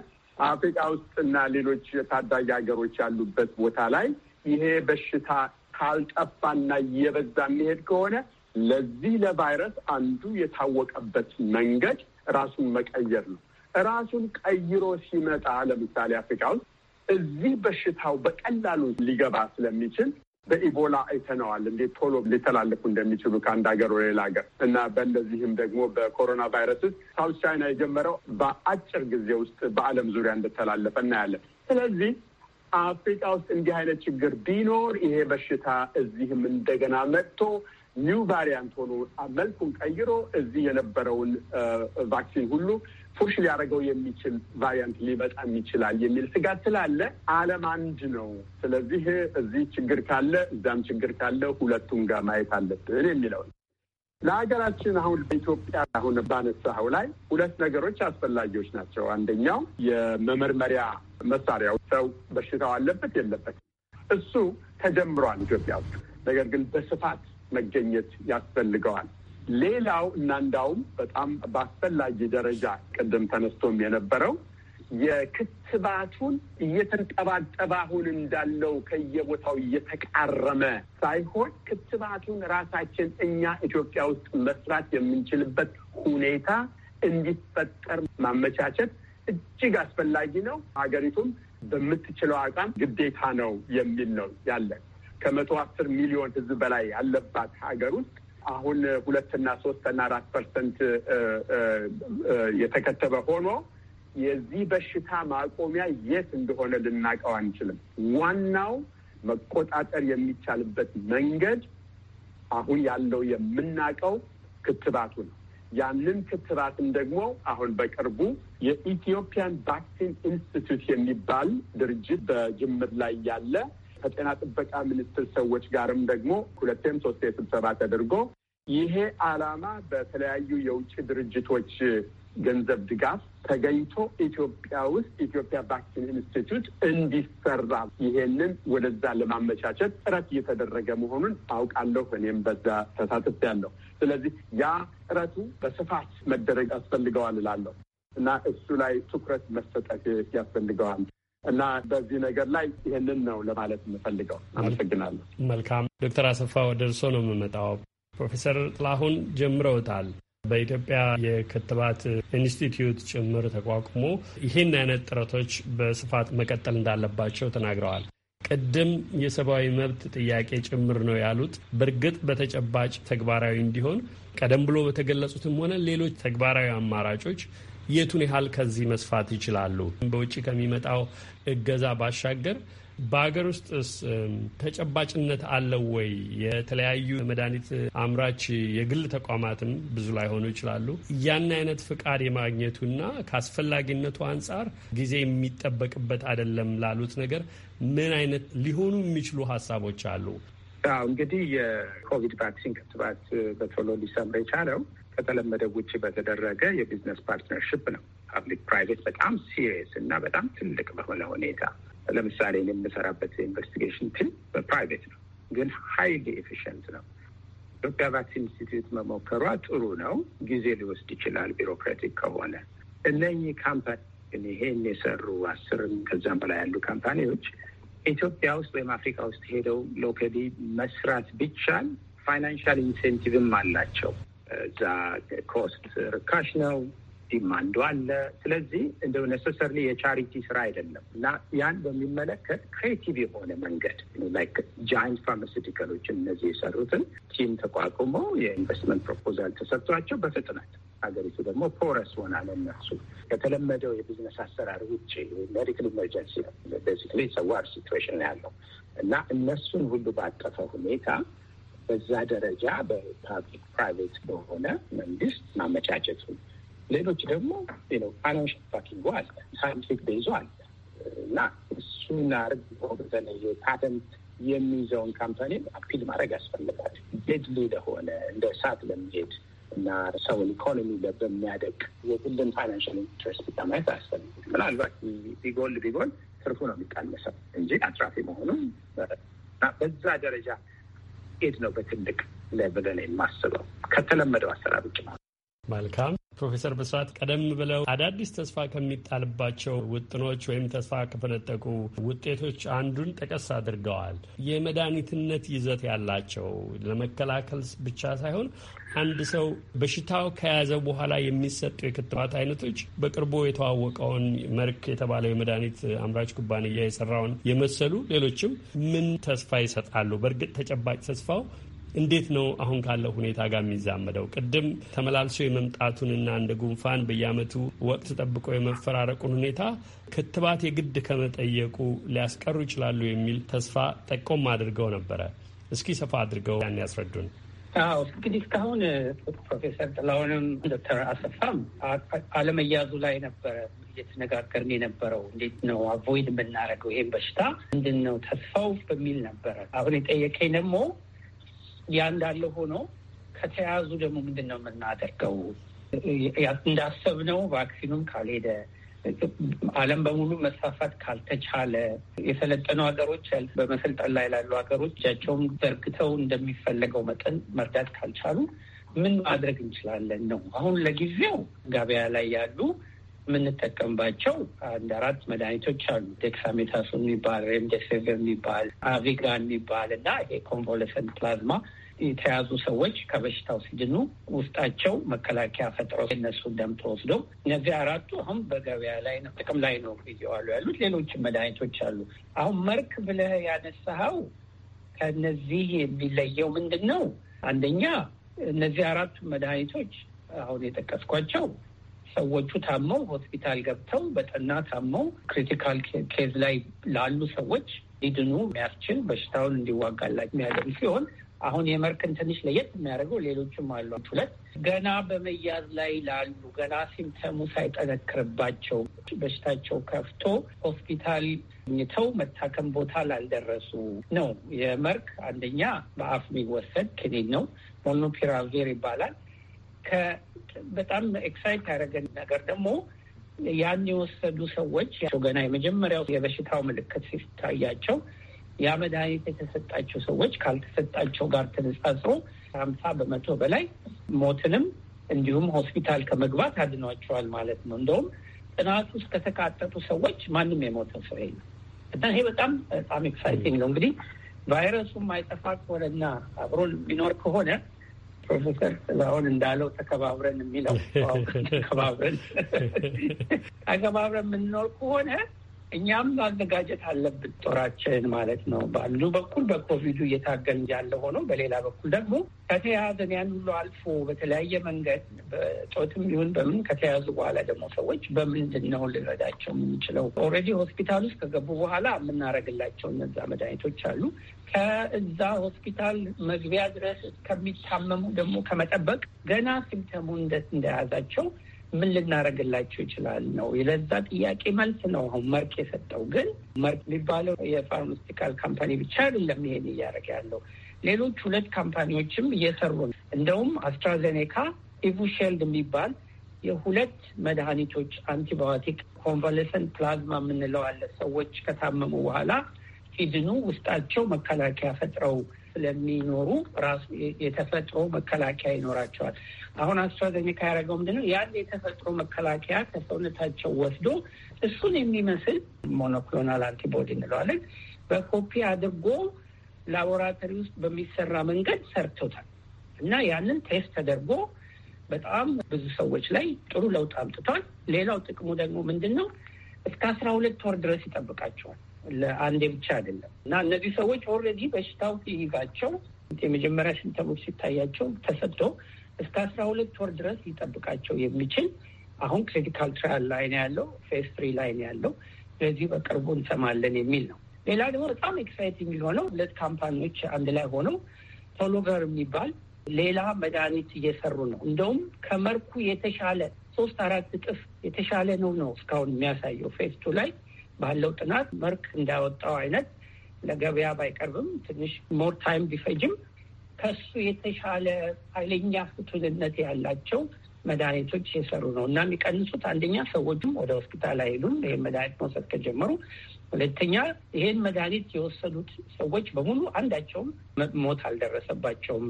አፍሪካ ውስጥና ሌሎች ታዳጊ ሀገሮች ያሉበት ቦታ ላይ ይሄ በሽታ ካልጠፋና እየበዛ የሚሄድ ከሆነ ለዚህ ለቫይረስ አንዱ የታወቀበት መንገድ ራሱን መቀየር ነው። ራሱን ቀይሮ ሲመጣ ለምሳሌ አፍሪካ ውስጥ እዚህ በሽታው በቀላሉ ሊገባ ስለሚችል በኢቦላ አይተነዋል እንዴት ቶሎ ሊተላለፉ እንደሚችሉ ከአንድ ሀገር ወደ ሌላ ሀገር እና በእነዚህም ደግሞ በኮሮና ቫይረስ ውስጥ ሳውት ቻይና የጀመረው በአጭር ጊዜ ውስጥ በዓለም ዙሪያ እንደተላለፈ እናያለን። ስለዚህ አፍሪካ ውስጥ እንዲህ አይነት ችግር ቢኖር ይሄ በሽታ እዚህም እንደገና መጥቶ ኒው ቫሪያንት ሆኖ መልኩን ቀይሮ እዚህ የነበረውን ቫክሲን ሁሉ ፑሽ ሊያደርገው የሚችል ቫሪያንት ሊመጣም ይችላል የሚል ስጋት ስላለ ዓለም አንድ ነው። ስለዚህ እዚህ ችግር ካለ እዛም ችግር ካለ ሁለቱም ጋር ማየት አለብን የሚለው ለሀገራችን አሁን በኢትዮጵያ አሁን ባነሳኸው ላይ ሁለት ነገሮች አስፈላጊዎች ናቸው። አንደኛው የመመርመሪያ መሳሪያው ሰው በሽታው አለበት የለበት እሱ ተጀምሯል ኢትዮጵያ ውስጥ። ነገር ግን በስፋት መገኘት ያስፈልገዋል። ሌላው እና እንዳውም በጣም በአስፈላጊ ደረጃ ቅድም ተነስቶም የነበረው የክትባቱን እየተንጠባጠባ አሁን እንዳለው ከየቦታው እየተቃረመ ሳይሆን ክትባቱን ራሳችን እኛ ኢትዮጵያ ውስጥ መስራት የምንችልበት ሁኔታ እንዲፈጠር ማመቻቸት እጅግ አስፈላጊ ነው። ሀገሪቱም በምትችለው አቋም ግዴታ ነው የሚል ነው ያለን ከመቶ አስር ሚሊዮን ሕዝብ በላይ ያለባት ሀገር ውስጥ አሁን ሁለትና ሶስትና አራት ፐርሰንት የተከተበ ሆኖ የዚህ በሽታ ማቆሚያ የት እንደሆነ ልናቀው አንችልም። ዋናው መቆጣጠር የሚቻልበት መንገድ አሁን ያለው የምናቀው ክትባቱ ነው። ያንን ክትባትም ደግሞ አሁን በቅርቡ የኢትዮጵያን ቫክሲን ኢንስቲትዩት የሚባል ድርጅት በጅምር ላይ ያለ ከጤና ጥበቃ ሚኒስትር ሰዎች ጋርም ደግሞ ሁለቴም ሶስቴ ስብሰባ ተደርጎ ይሄ ዓላማ በተለያዩ የውጭ ድርጅቶች ገንዘብ ድጋፍ ተገኝቶ ኢትዮጵያ ውስጥ ኢትዮጵያ ቫክሲን ኢንስቲትዩት እንዲሰራ ይሄንን ወደዛ ለማመቻቸት ጥረት እየተደረገ መሆኑን አውቃለሁ። እኔም በዛ ያለው ስለዚህ ያ ጥረቱ በስፋት መደረግ ያስፈልገዋል እላለሁ እና እሱ ላይ ትኩረት መሰጠት ያስፈልገዋል እና በዚህ ነገር ላይ ይህንን ነው ለማለት የምፈልገው። አመሰግናለሁ። መልካም ዶክተር አሰፋ ወደ እርስዎ ነው የምመጣው። ፕሮፌሰር ጥላሁን ጀምረውታል። በኢትዮጵያ የክትባት ኢንስቲትዩት ጭምር ተቋቁሞ ይህን አይነት ጥረቶች በስፋት መቀጠል እንዳለባቸው ተናግረዋል። ቅድም የሰብአዊ መብት ጥያቄ ጭምር ነው ያሉት። በእርግጥ በተጨባጭ ተግባራዊ እንዲሆን ቀደም ብሎ በተገለጹትም ሆነ ሌሎች ተግባራዊ አማራጮች የቱን ያህል ከዚህ መስፋት ይችላሉ? በውጭ ከሚመጣው እገዛ ባሻገር በሀገር ውስጥስ ተጨባጭነት አለው ወይ? የተለያዩ መድኃኒት አምራች የግል ተቋማትም ብዙ ላይሆኑ ይችላሉ። ያን አይነት ፍቃድ የማግኘቱና ከአስፈላጊነቱ አንጻር ጊዜ የሚጠበቅበት አይደለም ላሉት ነገር ምን አይነት ሊሆኑ የሚችሉ ሀሳቦች አሉ? አዎ እንግዲህ የኮቪድ ቫክሲን ክትባት በቶሎ ሊሰምር የቻለው ከተለመደ ውጭ በተደረገ የቢዝነስ ፓርትነርሽፕ ነው። ፓብሊክ ፕራይቬት በጣም ሲሪየስ እና በጣም ትልቅ በሆነ ሁኔታ ለምሳሌ የምሰራበት ኢንቨስቲጌሽን ቲም በፕራይቬት ነው፣ ግን ሀይሊ ኤፊሽንት ነው። ኢትዮጵያ ቫክሲን ኢንስቲትዩት መሞከሯ ጥሩ ነው፣ ጊዜ ሊወስድ ይችላል ቢሮክራቲክ ከሆነ እነኚህ ካምፓኒ ይሄን የሰሩ አስርም ከዛም በላይ ያሉ ካምፓኒዎች ኢትዮጵያ ውስጥ ወይም አፍሪካ ውስጥ ሄደው ሎከሊ መስራት ቢቻል ፋይናንሻል ኢንሴንቲቭም አላቸው። እዛ ኮስት ርካሽ ነው። ቲም አንዱ አለ። ስለዚህ እንደ ነሰሰርሊ የቻሪቲ ስራ አይደለም እና ያን በሚመለከት ክሬቲቭ የሆነ መንገድ ላይክ ጃይንት ፋርማሲቲካሎች እነዚህ የሰሩትን ቲም ተቋቁመው የኢንቨስትመንት ፕሮፖዛል ተሰጥቷቸው በፍጥነት ሀገሪቱ ደግሞ ፖረስ ሆና ለነሱ ከተለመደው የቢዝነስ አሰራር ውጭ ሜዲካል ኢመርጀንሲ ቤዚካሊ ሰዋር ሲትዌሽን ያለው እና እነሱን ሁሉ ባቀፈ ሁኔታ በዛ ደረጃ በፓብሊክ ፕራይቬት በሆነ መንግስት ማመቻቸቱ ሌሎች ደግሞ ነው ፋይናንሽ ፓኪንግ አለ፣ ሳይንቲፊክ ቤዞ አለ እና እሱና ርግ በተለየ ፓተንት የሚይዘውን ካምፓኒ አፒል ማድረግ ያስፈልጋል። ዴድሊ ለሆነ እንደ እሳት ለሚሄድ እና ሰውን ኢኮኖሚ በሚያደቅ የግልን ፋይናንሽል ኢንትረስት ለማየት አያስፈልግም። ምናልባት ቢጎል ቢጎል ትርፉ ነው የሚቃለሰው እንጂ አትራፊ መሆኑም እና በዛ ደረጃ ሄድ ነው በትልቅ ለብለን የማስበው ከተለመደው አሰራር ውጭ ማለት መልካም ፕሮፌሰር በስርዓት ቀደም ብለው አዳዲስ ተስፋ ከሚጣልባቸው ውጥኖች ወይም ተስፋ ከፈነጠቁ ውጤቶች አንዱን ጠቀስ አድርገዋል። የመድኃኒትነት ይዘት ያላቸው ለመከላከል ብቻ ሳይሆን አንድ ሰው በሽታው ከያዘ በኋላ የሚሰጡ የክትባት አይነቶች በቅርቡ የተዋወቀውን መርክ የተባለው የመድኃኒት አምራች ኩባንያ የሰራውን የመሰሉ ሌሎችም ምን ተስፋ ይሰጣሉ? በእርግጥ ተጨባጭ ተስፋው እንዴት ነው አሁን ካለው ሁኔታ ጋር የሚዛመደው? ቅድም ተመላልሶ የመምጣቱንና እንደ ጉንፋን በየዓመቱ ወቅት ጠብቆ የመፈራረቁን ሁኔታ ክትባት የግድ ከመጠየቁ ሊያስቀሩ ይችላሉ የሚል ተስፋ ጠቆም አድርገው ነበረ። እስኪ ሰፋ አድርገው ያን ያስረዱን። አዎ እንግዲህ እስካሁን ፕሮፌሰር ጥላሁንም ዶክተር አሰፋም አለመያዙ ላይ ነበረ እየተነጋገርን የነበረው እንዴት ነው አቮይድ የምናደርገው ይህን በሽታ ምንድን ነው ተስፋው በሚል ነበረ። አሁን የጠየቀኝ ደግሞ ያ እንዳለ ሆኖ ከተያዙ ደግሞ ምንድን ነው የምናደርገው? እንዳሰብነው ቫክሲኑም ካልሄደ ዓለም በሙሉ መስፋፋት ካልተቻለ የሰለጠኑ ሀገሮች በመሰልጠን ላይ ላሉ ሀገሮች እጃቸውን ዘርግተው እንደሚፈለገው መጠን መርዳት ካልቻሉ ምን ማድረግ እንችላለን ነው። አሁን ለጊዜው ገበያ ላይ ያሉ የምንጠቀምባቸው አንድ አራት መድኃኒቶች አሉ። ዴክሳሜታሶን የሚባል ሬምዴሲቪር የሚባል አቪጋን የሚባል እና ይሄ ፕላዝማ የተያዙ ሰዎች ከበሽታው ሲድኑ ውስጣቸው መከላከያ ፈጥረው የነሱን ደም ተወስደው እነዚህ አራቱ አሁን በገበያ ላይ ነው ጥቅም ላይ ነው ይዘዋሉ ያሉት። ሌሎች መድኃኒቶች አሉ። አሁን መርክ ብለህ ያነሳኸው ከነዚህ የሚለየው ምንድን ነው? አንደኛ እነዚህ አራቱ መድኃኒቶች አሁን የጠቀስኳቸው ሰዎቹ ታመው ሆስፒታል ገብተው በጠና ታመው ክሪቲካል ኬዝ ላይ ላሉ ሰዎች ሊድኑ የሚያስችል በሽታውን እንዲዋጋላ የሚያደርግ ሲሆን አሁን የመርክን ትንሽ ለየት የሚያደርገው ሌሎችም አሉ። ሁለት ገና በመያዝ ላይ ላሉ ገና ሲምተሙ ሳይጠነክርባቸው በሽታቸው ከፍቶ ሆስፒታል ኝተው መታከም ቦታ ላልደረሱ ነው። የመርክ አንደኛ በአፍ የሚወሰድ ክኒን ነው። ሞኖፒራቪር ይባላል። በጣም ኤክሳይት ያደረገን ነገር ደግሞ ያን የወሰዱ ሰዎች ገና የመጀመሪያው የበሽታው ምልክት ሲታያቸው ያ መድኃኒት የተሰጣቸው ሰዎች ካልተሰጣቸው ጋር ተነጻጽሮ ከሀምሳ በመቶ በላይ ሞትንም እንዲሁም ሆስፒታል ከመግባት አድኗቸዋል ማለት ነው። እንደውም ጥናቱ ውስጥ ከተካተቱ ሰዎች ማንም የሞተው ሰው የለም እና ይሄ በጣም በጣም ኤክሳይቲንግ ነው። እንግዲህ ቫይረሱ ማይጠፋ ከሆነና አብሮ የሚኖር ከሆነ ፕሮፌሰር ጥላሁን እንዳለው ተከባብረን የሚለው ተከባብረን ተከባብረን የምንኖር ከሆነ እኛም ማዘጋጀት አለብን ጦራችንን ማለት ነው። በአንዱ በኩል በኮቪዱ እየታገል ያለ ሆኖ፣ በሌላ በኩል ደግሞ ከተያያዘን ያን ሁሉ አልፎ በተለያየ መንገድ በጦትም ይሁን በምን ከተያዙ በኋላ ደግሞ ሰዎች በምንድን ነው ልረዳቸው የምንችለው? ኦልሬዲ ሆስፒታል ውስጥ ከገቡ በኋላ የምናደርግላቸው እነዛ መድኃኒቶች አሉ። ከዛ ሆስፒታል መግቢያ ድረስ ከሚታመሙ ደግሞ ከመጠበቅ ገና ሲምተሙ እንደት እንደያዛቸው ምን ልናደርግላቸው ይችላል ነው። ለዛ ጥያቄ መልስ ነው አሁን መርክ የሰጠው። ግን መርክ የሚባለው የፋርማስቲካል ካምፓኒ ብቻ አይደለም ይሄን እያደረገ ያለው ሌሎች ሁለት ካምፓኒዎችም እየሰሩ ነው። እንደውም አስትራዜኔካ ኢቡሼልድ የሚባል የሁለት መድኃኒቶች አንቲባዮቲክ ኮንቫሌሰንት ፕላዝማ የምንለው አለ። ሰዎች ከታመሙ በኋላ ሲድኑ ውስጣቸው መከላከያ ፈጥረው ስለሚኖሩ ራሱ የተፈጥሮ መከላከያ ይኖራቸዋል። አሁን አስትራዘኒካ ያደረገው ምንድነው? ያን የተፈጥሮ መከላከያ ከሰውነታቸው ወስዶ እሱን የሚመስል ሞኖክሎናል አንቲቦዲ እንለዋለን በኮፒ አድርጎ ላቦራቶሪ ውስጥ በሚሰራ መንገድ ሰርቶታል እና ያንን ቴስት ተደርጎ በጣም ብዙ ሰዎች ላይ ጥሩ ለውጥ አምጥቷል። ሌላው ጥቅሙ ደግሞ ምንድን ነው? እስከ አስራ ሁለት ወር ድረስ ይጠብቃቸዋል። ለአንዴ ብቻ አይደለም እና እነዚህ ሰዎች ኦልሬዲ በሽታው ሲይዛቸው የመጀመሪያ ሲምተሞች ሲታያቸው ተሰጥቶ እስከ አስራ ሁለት ወር ድረስ ሊጠብቃቸው የሚችል አሁን ክሊኒካል ትራያል ላይ ነው ያለው፣ ፌስ ትሪ ላይ ነው ያለው። ስለዚህ በቅርቡ እንሰማለን የሚል ነው። ሌላ ደግሞ በጣም ኤክሳይቲንግ የሆነው ሁለት ካምፓኒዎች አንድ ላይ ሆነው ቶሎቨር የሚባል ሌላ መድኃኒት እየሰሩ ነው። እንደውም ከመርኩ የተሻለ ሶስት አራት እጥፍ የተሻለ ነው ነው እስካሁን የሚያሳየው ፌስቱ ላይ ባለው ጥናት መርክ እንዳወጣው አይነት ለገበያ ባይቀርብም ትንሽ ሞር ታይም ቢፈጅም ከሱ የተሻለ ኃይለኛ ፍቱንነት ያላቸው መድኃኒቶች የሰሩ ነው እና የሚቀንሱት አንደኛ ሰዎችም ወደ ሆስፒታል አይሉም ይህን መድኃኒት መውሰድ ከጀመሩ። ሁለተኛ ይህን መድኃኒት የወሰዱት ሰዎች በሙሉ አንዳቸውም ሞት አልደረሰባቸውም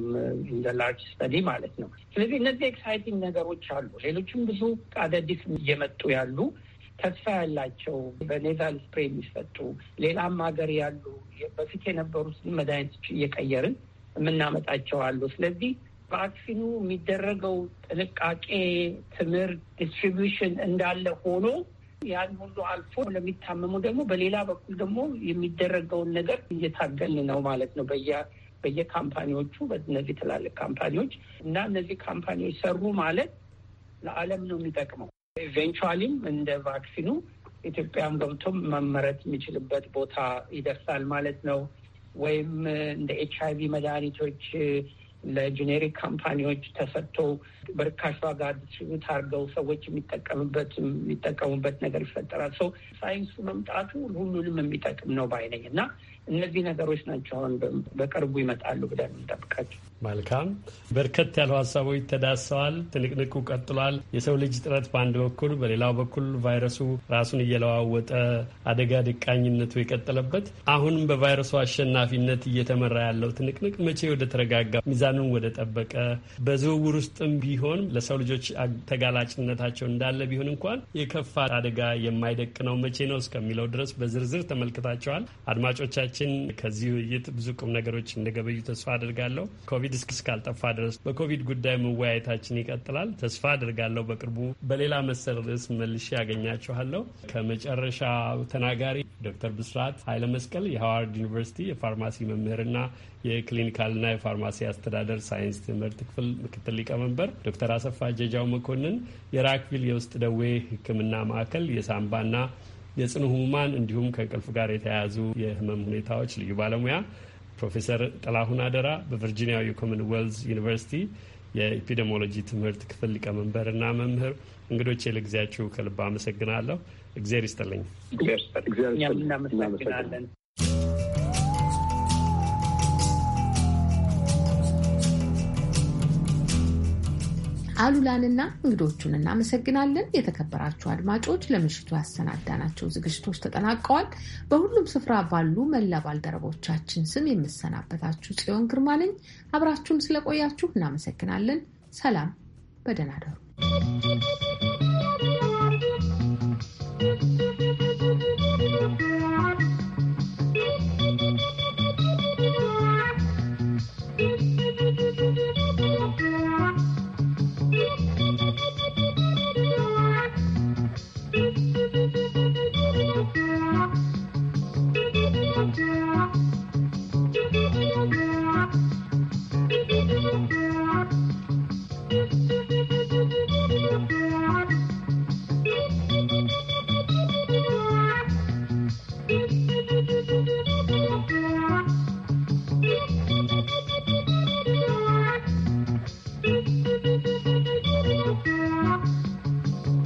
ኢን ዘ ላርጅ ስተዲ ማለት ነው። ስለዚህ እነዚህ ኤክሳይቲንግ ነገሮች አሉ። ሌሎችም ብዙ አዳዲስ እየመጡ ያሉ ተስፋ ያላቸው በኔዛል ስፕሬ የሚሰጡ ሌላም ሀገር ያሉ በፊት የነበሩት መድኃኒቶች እየቀየርን የምናመጣቸው አሉ። ስለዚህ ቫክሲኑ የሚደረገው ጥንቃቄ፣ ትምህርት፣ ዲስትሪቢሽን እንዳለ ሆኖ ያን ሁሉ አልፎ ለሚታመሙ ደግሞ በሌላ በኩል ደግሞ የሚደረገውን ነገር እየታገልን ነው ማለት ነው በየ በየካምፓኒዎቹ በእነዚህ ትላልቅ ካምፓኒዎች እና እነዚህ ካምፓኒዎች ሰሩ ማለት ለዓለም ነው የሚጠቅመው። ኤቨንቹዋሊም እንደ ቫክሲኑ ኢትዮጵያም ገብቶም መመረት የሚችልበት ቦታ ይደርሳል ማለት ነው። ወይም እንደ ኤች አይቪ መድኃኒቶች ለጄኔሪክ ካምፓኒዎች ተሰጥቶ በርካሽ ዋጋ ዲስትሪቢዩት አድርገው ሰዎች የሚጠቀምበት የሚጠቀሙበት ነገር ይፈጠራል። ሰው ሳይንሱ መምጣቱ ሁሉንም የሚጠቅም ነው ባይነኝ እና እነዚህ ነገሮች ናቸው አሁን በቅርቡ ይመጣሉ ብለን እንጠብቃቸው። መልካም በርከት ያሉ ሀሳቦች ተዳሰዋል። ትንቅንቁ ቀጥሏል። የሰው ልጅ ጥረት በአንድ በኩል፣ በሌላው በኩል ቫይረሱ ራሱን እየለዋወጠ አደጋ ድቃኝነቱ የቀጠለበት አሁንም በቫይረሱ አሸናፊነት እየተመራ ያለው ትንቅንቅ መቼ ወደ ተረጋጋ ሚዛኑን ወደ ጠበቀ በዝውውር ውስጥም ቢሆን ለሰው ልጆች ተጋላጭነታቸው እንዳለ ቢሆን እንኳን የከፋ አደጋ የማይደቅ ነው መቼ ነው እስከሚለው ድረስ በዝርዝር ተመልክታቸዋል። አድማጮቻችን ከዚህ ውይይት ብዙ ቁም ነገሮች እንደገበዩ ተስፋ አድርጋለሁ። ኮቪድ እስካልጠፋ ድረስ በኮቪድ ጉዳይ መወያየታችን ይቀጥላል። ተስፋ አድርጋለሁ በቅርቡ በሌላ መሰል ርዕስ መልሼ ያገኛችኋለሁ። ከመጨረሻ ተናጋሪ ዶክተር ብስራት ኃይለ መስቀል የሃዋርድ ዩኒቨርሲቲ የፋርማሲ መምህርና የክሊኒካልና የፋርማሲ አስተዳደር ሳይንስ ትምህርት ክፍል ምክትል ሊቀመንበር፣ ዶክተር አሰፋ ጀጃው መኮንን የራክቪል የውስጥ ደዌ ሕክምና ማዕከል የሳምባና የጽኑ ህሙማን እንዲሁም ከእንቅልፍ ጋር የተያያዙ የህመም ሁኔታዎች ልዩ ባለሙያ ፕሮፌሰር ጥላሁን አደራ በቨርጂኒያ የኮመን የኮመንዌልዝ ዩኒቨርሲቲ የኢፒዴሞሎጂ ትምህርት ክፍል ሊቀመንበር እና መምህር፣ እንግዶቼ ለጊዜያችሁ ከልብ አመሰግናለሁ። እግዜር ይስጥልኝ። እግዜር ይስጥልኝ። እናመሰግናለን። አሉላንና እንግዶቹን እናመሰግናለን። የተከበራችሁ አድማጮች ለምሽቱ ያሰናዳናቸው ዝግጅቶች ተጠናቀዋል። በሁሉም ስፍራ ባሉ መላ ባልደረቦቻችን ስም የምሰናበታችሁ ጽዮን ግርማ ነኝ። አብራችሁን ስለቆያችሁ እናመሰግናለን። ሰላም፣ በደህና ደሩ።